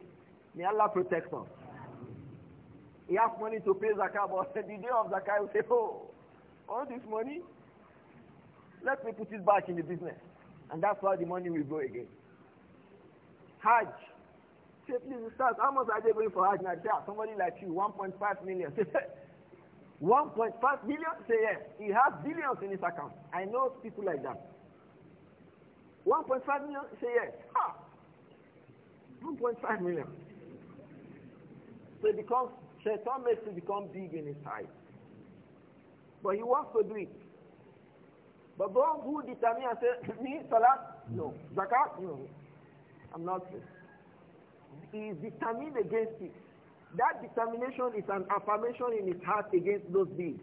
May Allah protect us. He has money to pay Zakah, but the day of Zakah, he will say, oh, all this money, let me put it back in the business. And that's why the money will go again. Hajj, say, please, stars. how much are they going for Hajj? Now, ah, somebody like you, 1.5 million. 1.5 billion? Say yes. He has billions in his account. I know people like that. 1.5 million? Say yes. Ha! 1.5 million. So it becomes, Shaitan makes it become big in his eyes. But he wants to do it. But those who determine and say, me, Salat? No. Zakat? No. I'm not. This is determined against it. That determination is an affirmation in his heart against those deeds.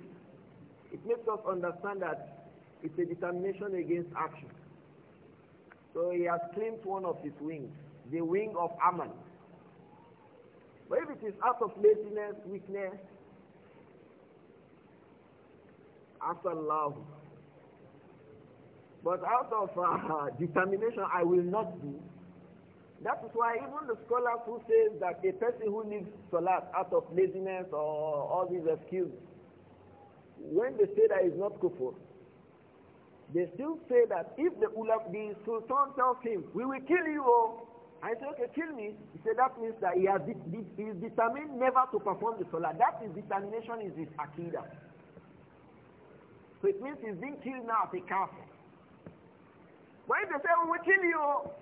It makes us understand that it's a determination against action. So he has claimed one of his wings, the wing of Ammon. But if it is out of laziness, weakness, after love, but out of uh, determination, I will not do. That is why even the scholars who say that a person who leaves salat out of laziness or all these excuses, when they say that is not kufur, they still say that if the ulama, the sultan tells him, we will kill you all, oh, I say, okay, kill me. He said, that means that he, has de he is determined never to perform the salat. That is determination is his akida. So it means he's being killed now as a kafir. if they say, we will kill you all,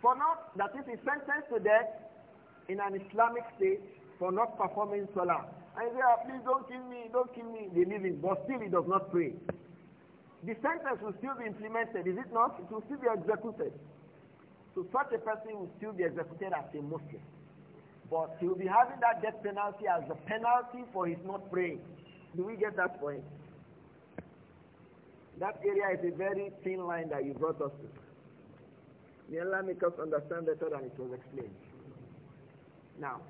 for not, that that is, is sentenced to death in an Islamic state for not performing salah. And he said, ah, please don't kill me, don't kill me. They leave him, but still he does not pray. The sentence will still be implemented, is it not? It will still be executed. So such a person will still be executed as a Muslim. But he will be having that death penalty as a penalty for his not praying. Do we get that point? That area is a very thin line that you brought us to. May Allah make us understand better than it was explained. Now.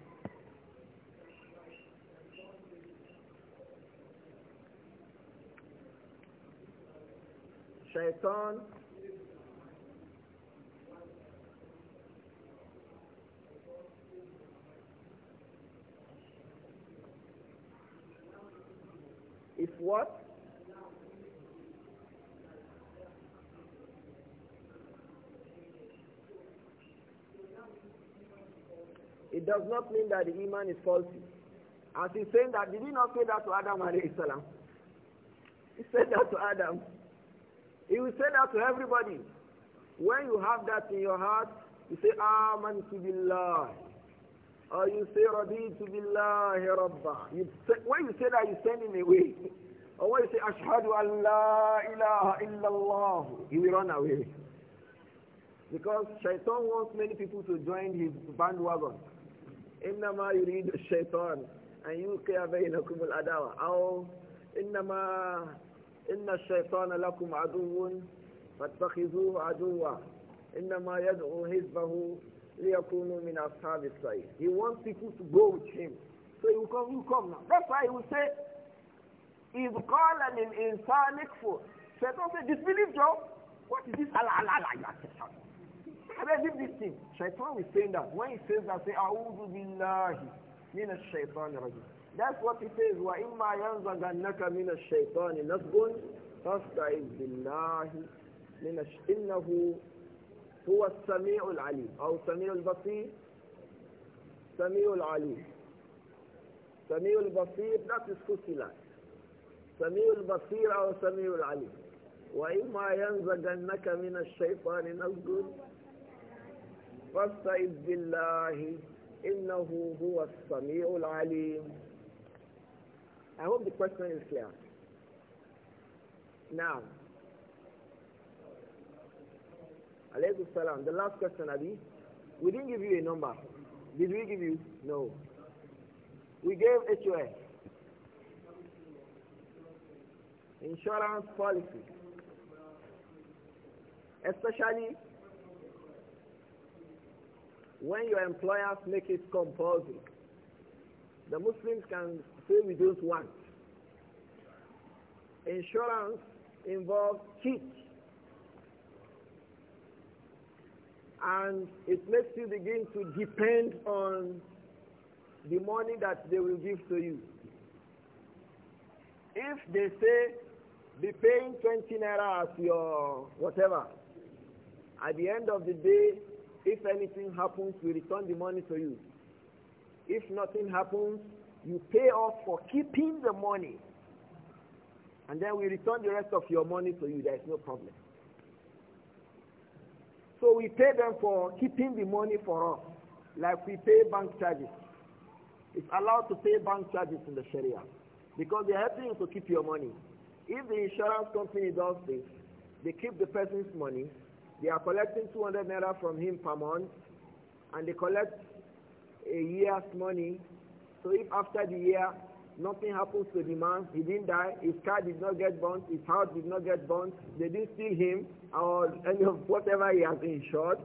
Shaitan if what? it does not mean that the iman is faulty. As he's saying that, did he not say that to Adam alayhi salam? He said that to Adam. He will say that to everybody. When you have that in your heart, you say, Aman to billah. Or you say, Rabi to billah, You when you say that, you send him away. Or when you say, Ashhadu an la ilaha illallah, he will run away. Because Shaitan wants many people to join his bandwagon. إنما يريد الشيطان أن يوقع بينكم الأداوة أو إنما إن الشيطان لكم عدو فاتخذوه عدوا إنما يدعو حزبه ليكونوا من أصحاب السعير He wants people to go with him So you come, you come now That's why he will say إذ قال للإنسان اكفر Shaitan said disbelieve Job What is this? Allah, Allah, Allah, Allah, Allah. Expressing this thing. Shaitan is saying that. When he says that, say, A'udhu billahi min ash-shaytan rajim. That's what he says. وَإِمَّا يَنْزَغَنَّكَ مِنَ الشَّيْطَانِ نَزْغٌ فَاسْتَعِذْ بِاللَّهِ مِنَ إِنَّهُ هو السميع العليم أو السميع البصير سميع العليم سميع البصير that is فصلة سميع البصير أو سميع العليم وإما ينزغنك من الشيطان نزغ فاستعذ بالله إنه هو السميع العليم I hope the question is clear. Now, alaykum salam. The last question, Abi. We didn't give you a number. Did we give you? No. We gave HOS. Insurance policy. Especially when your employers make it compulsory, the Muslims can say we don't want. Insurance involves cheat. And it makes you begin to depend on the money that they will give to you. If they say, be paying 20 naira as your whatever, at the end of the day, if anything happens, we return the money to you. If nothing happens, you pay us for keeping the money. And then we return the rest of your money to you. There is no problem. So we pay them for keeping the money for us, like we pay bank charges. It's allowed to pay bank charges in the Sharia because they're helping you to keep your money. If the insurance company does this, they keep the person's money they are collecting 200 naira from him per month, and they collect a year's money. So if after the year nothing happens to the man, he didn't die, his car did not get burnt, his house did not get burnt, they didn't steal him or any of whatever he has insured.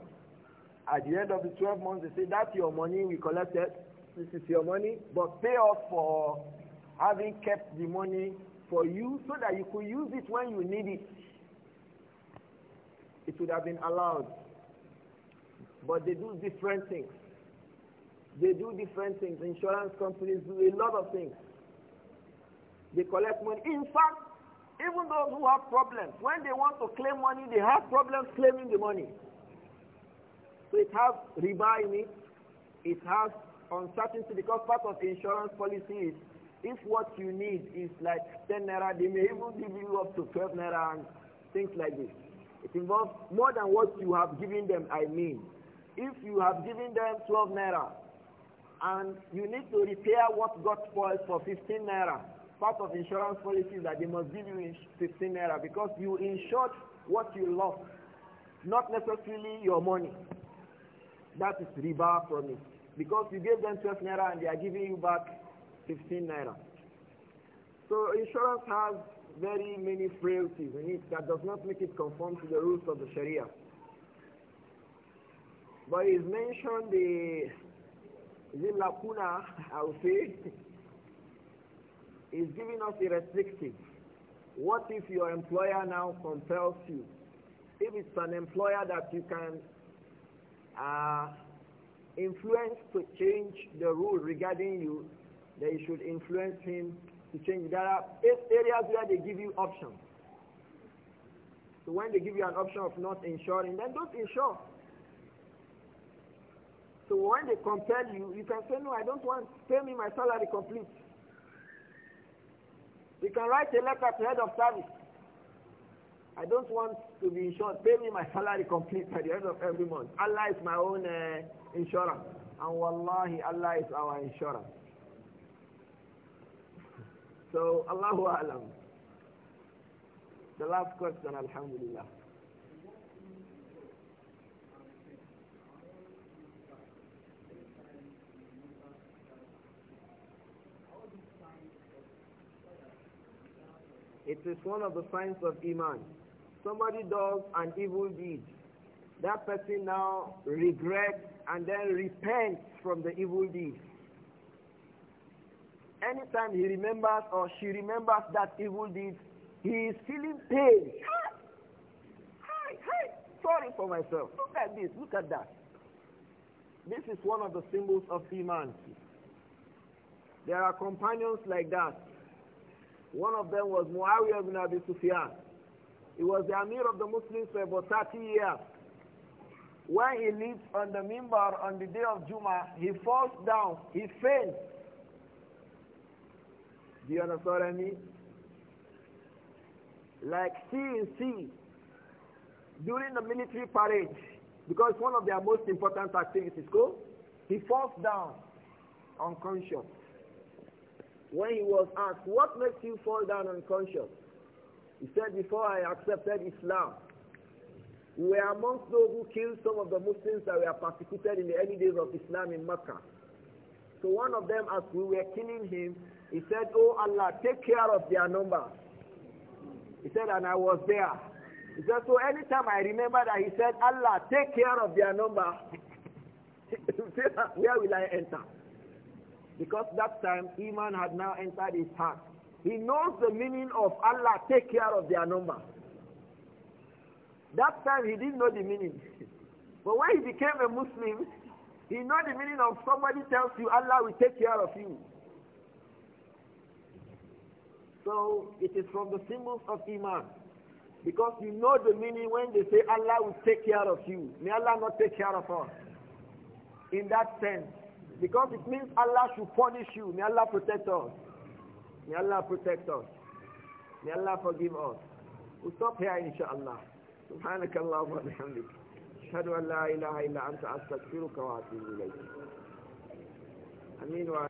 At the end of the 12 months, they say, that's your money we collected, this is your money, but pay off for having kept the money for you so that you could use it when you need it it would have been allowed. But they do different things. They do different things. Insurance companies do a lot of things. They collect money. In fact, even those who have problems, when they want to claim money, they have problems claiming the money. So it has riba in it. It has uncertainty because part of insurance policy is if what you need is like 10 naira, they may even give you up to 12 naira and things like this. It involves more than what you have given them, I mean. If you have given them 12 naira and you need to repair what got spoiled for 15 naira, part of insurance policy is that they must give you 15 naira because you insured what you lost, not necessarily your money. That is riba from it. Because you gave them 12 naira and they are giving you back 15 naira. So insurance has very many frailties in it that does not make it conform to the rules of the Sharia. But it's mentioned the, the I would say, is giving us a restrictive. What if your employer now compels you? If it's an employer that you can uh, influence to change the rule regarding you, they should influence him to change. There are areas where they give you options. So when they give you an option of not insuring, then don't insure. So when they compel you, you can say, no, I don't want, pay me my salary complete. You can write a letter to head of service. I don't want to be insured. Pay me my salary complete by the end of every month. Allah is my own uh, insurance. And wallahi, Allah is our insurance. So, Allahu Alam. The last question, Alhamdulillah. It is one of the signs of Iman. Somebody does an evil deed. That person now regrets and then repents from the evil deed. Anytime he remembers or she remembers that evil deed, he is feeling pain. sorry for myself. Look at this, look at that. This is one of the symbols of Iman. There are companions like that. One of them was Muawiyah ibn Abi Sufyan. He was the Amir of the Muslims for about 30 years. When he lives on the mimbar on the day of Juma, he falls down, he faints. Do you understand what I mean? Like CNC during the military parade, because one of their most important activities, go, he falls down unconscious. When he was asked, what makes you fall down unconscious? He said, before I accepted Islam, we were amongst those who killed some of the Muslims that were persecuted in the early days of Islam in Mecca. So one of them, as we were killing him, he said, Oh Allah, take care of their number. He said, and I was there. He said, so anytime I remember that he said, Allah, take care of their number, where will I enter? Because that time, Iman had now entered his heart. He knows the meaning of Allah, take care of their number. That time, he didn't know the meaning. but when he became a Muslim, he know the meaning of somebody tells you, Allah will take care of you. So it is from the symbols of Iman. Because you know the meaning when they say Allah will take care of you. May Allah not take care of us. In that sense. Because it means Allah should punish you. May Allah protect us. May Allah protect us. May Allah forgive us. We'll stop here inshallah. سبحانك اللهم وبحمدك أشهد أن لا إله إلا أنت أستغفرك وأتوب إليك أمين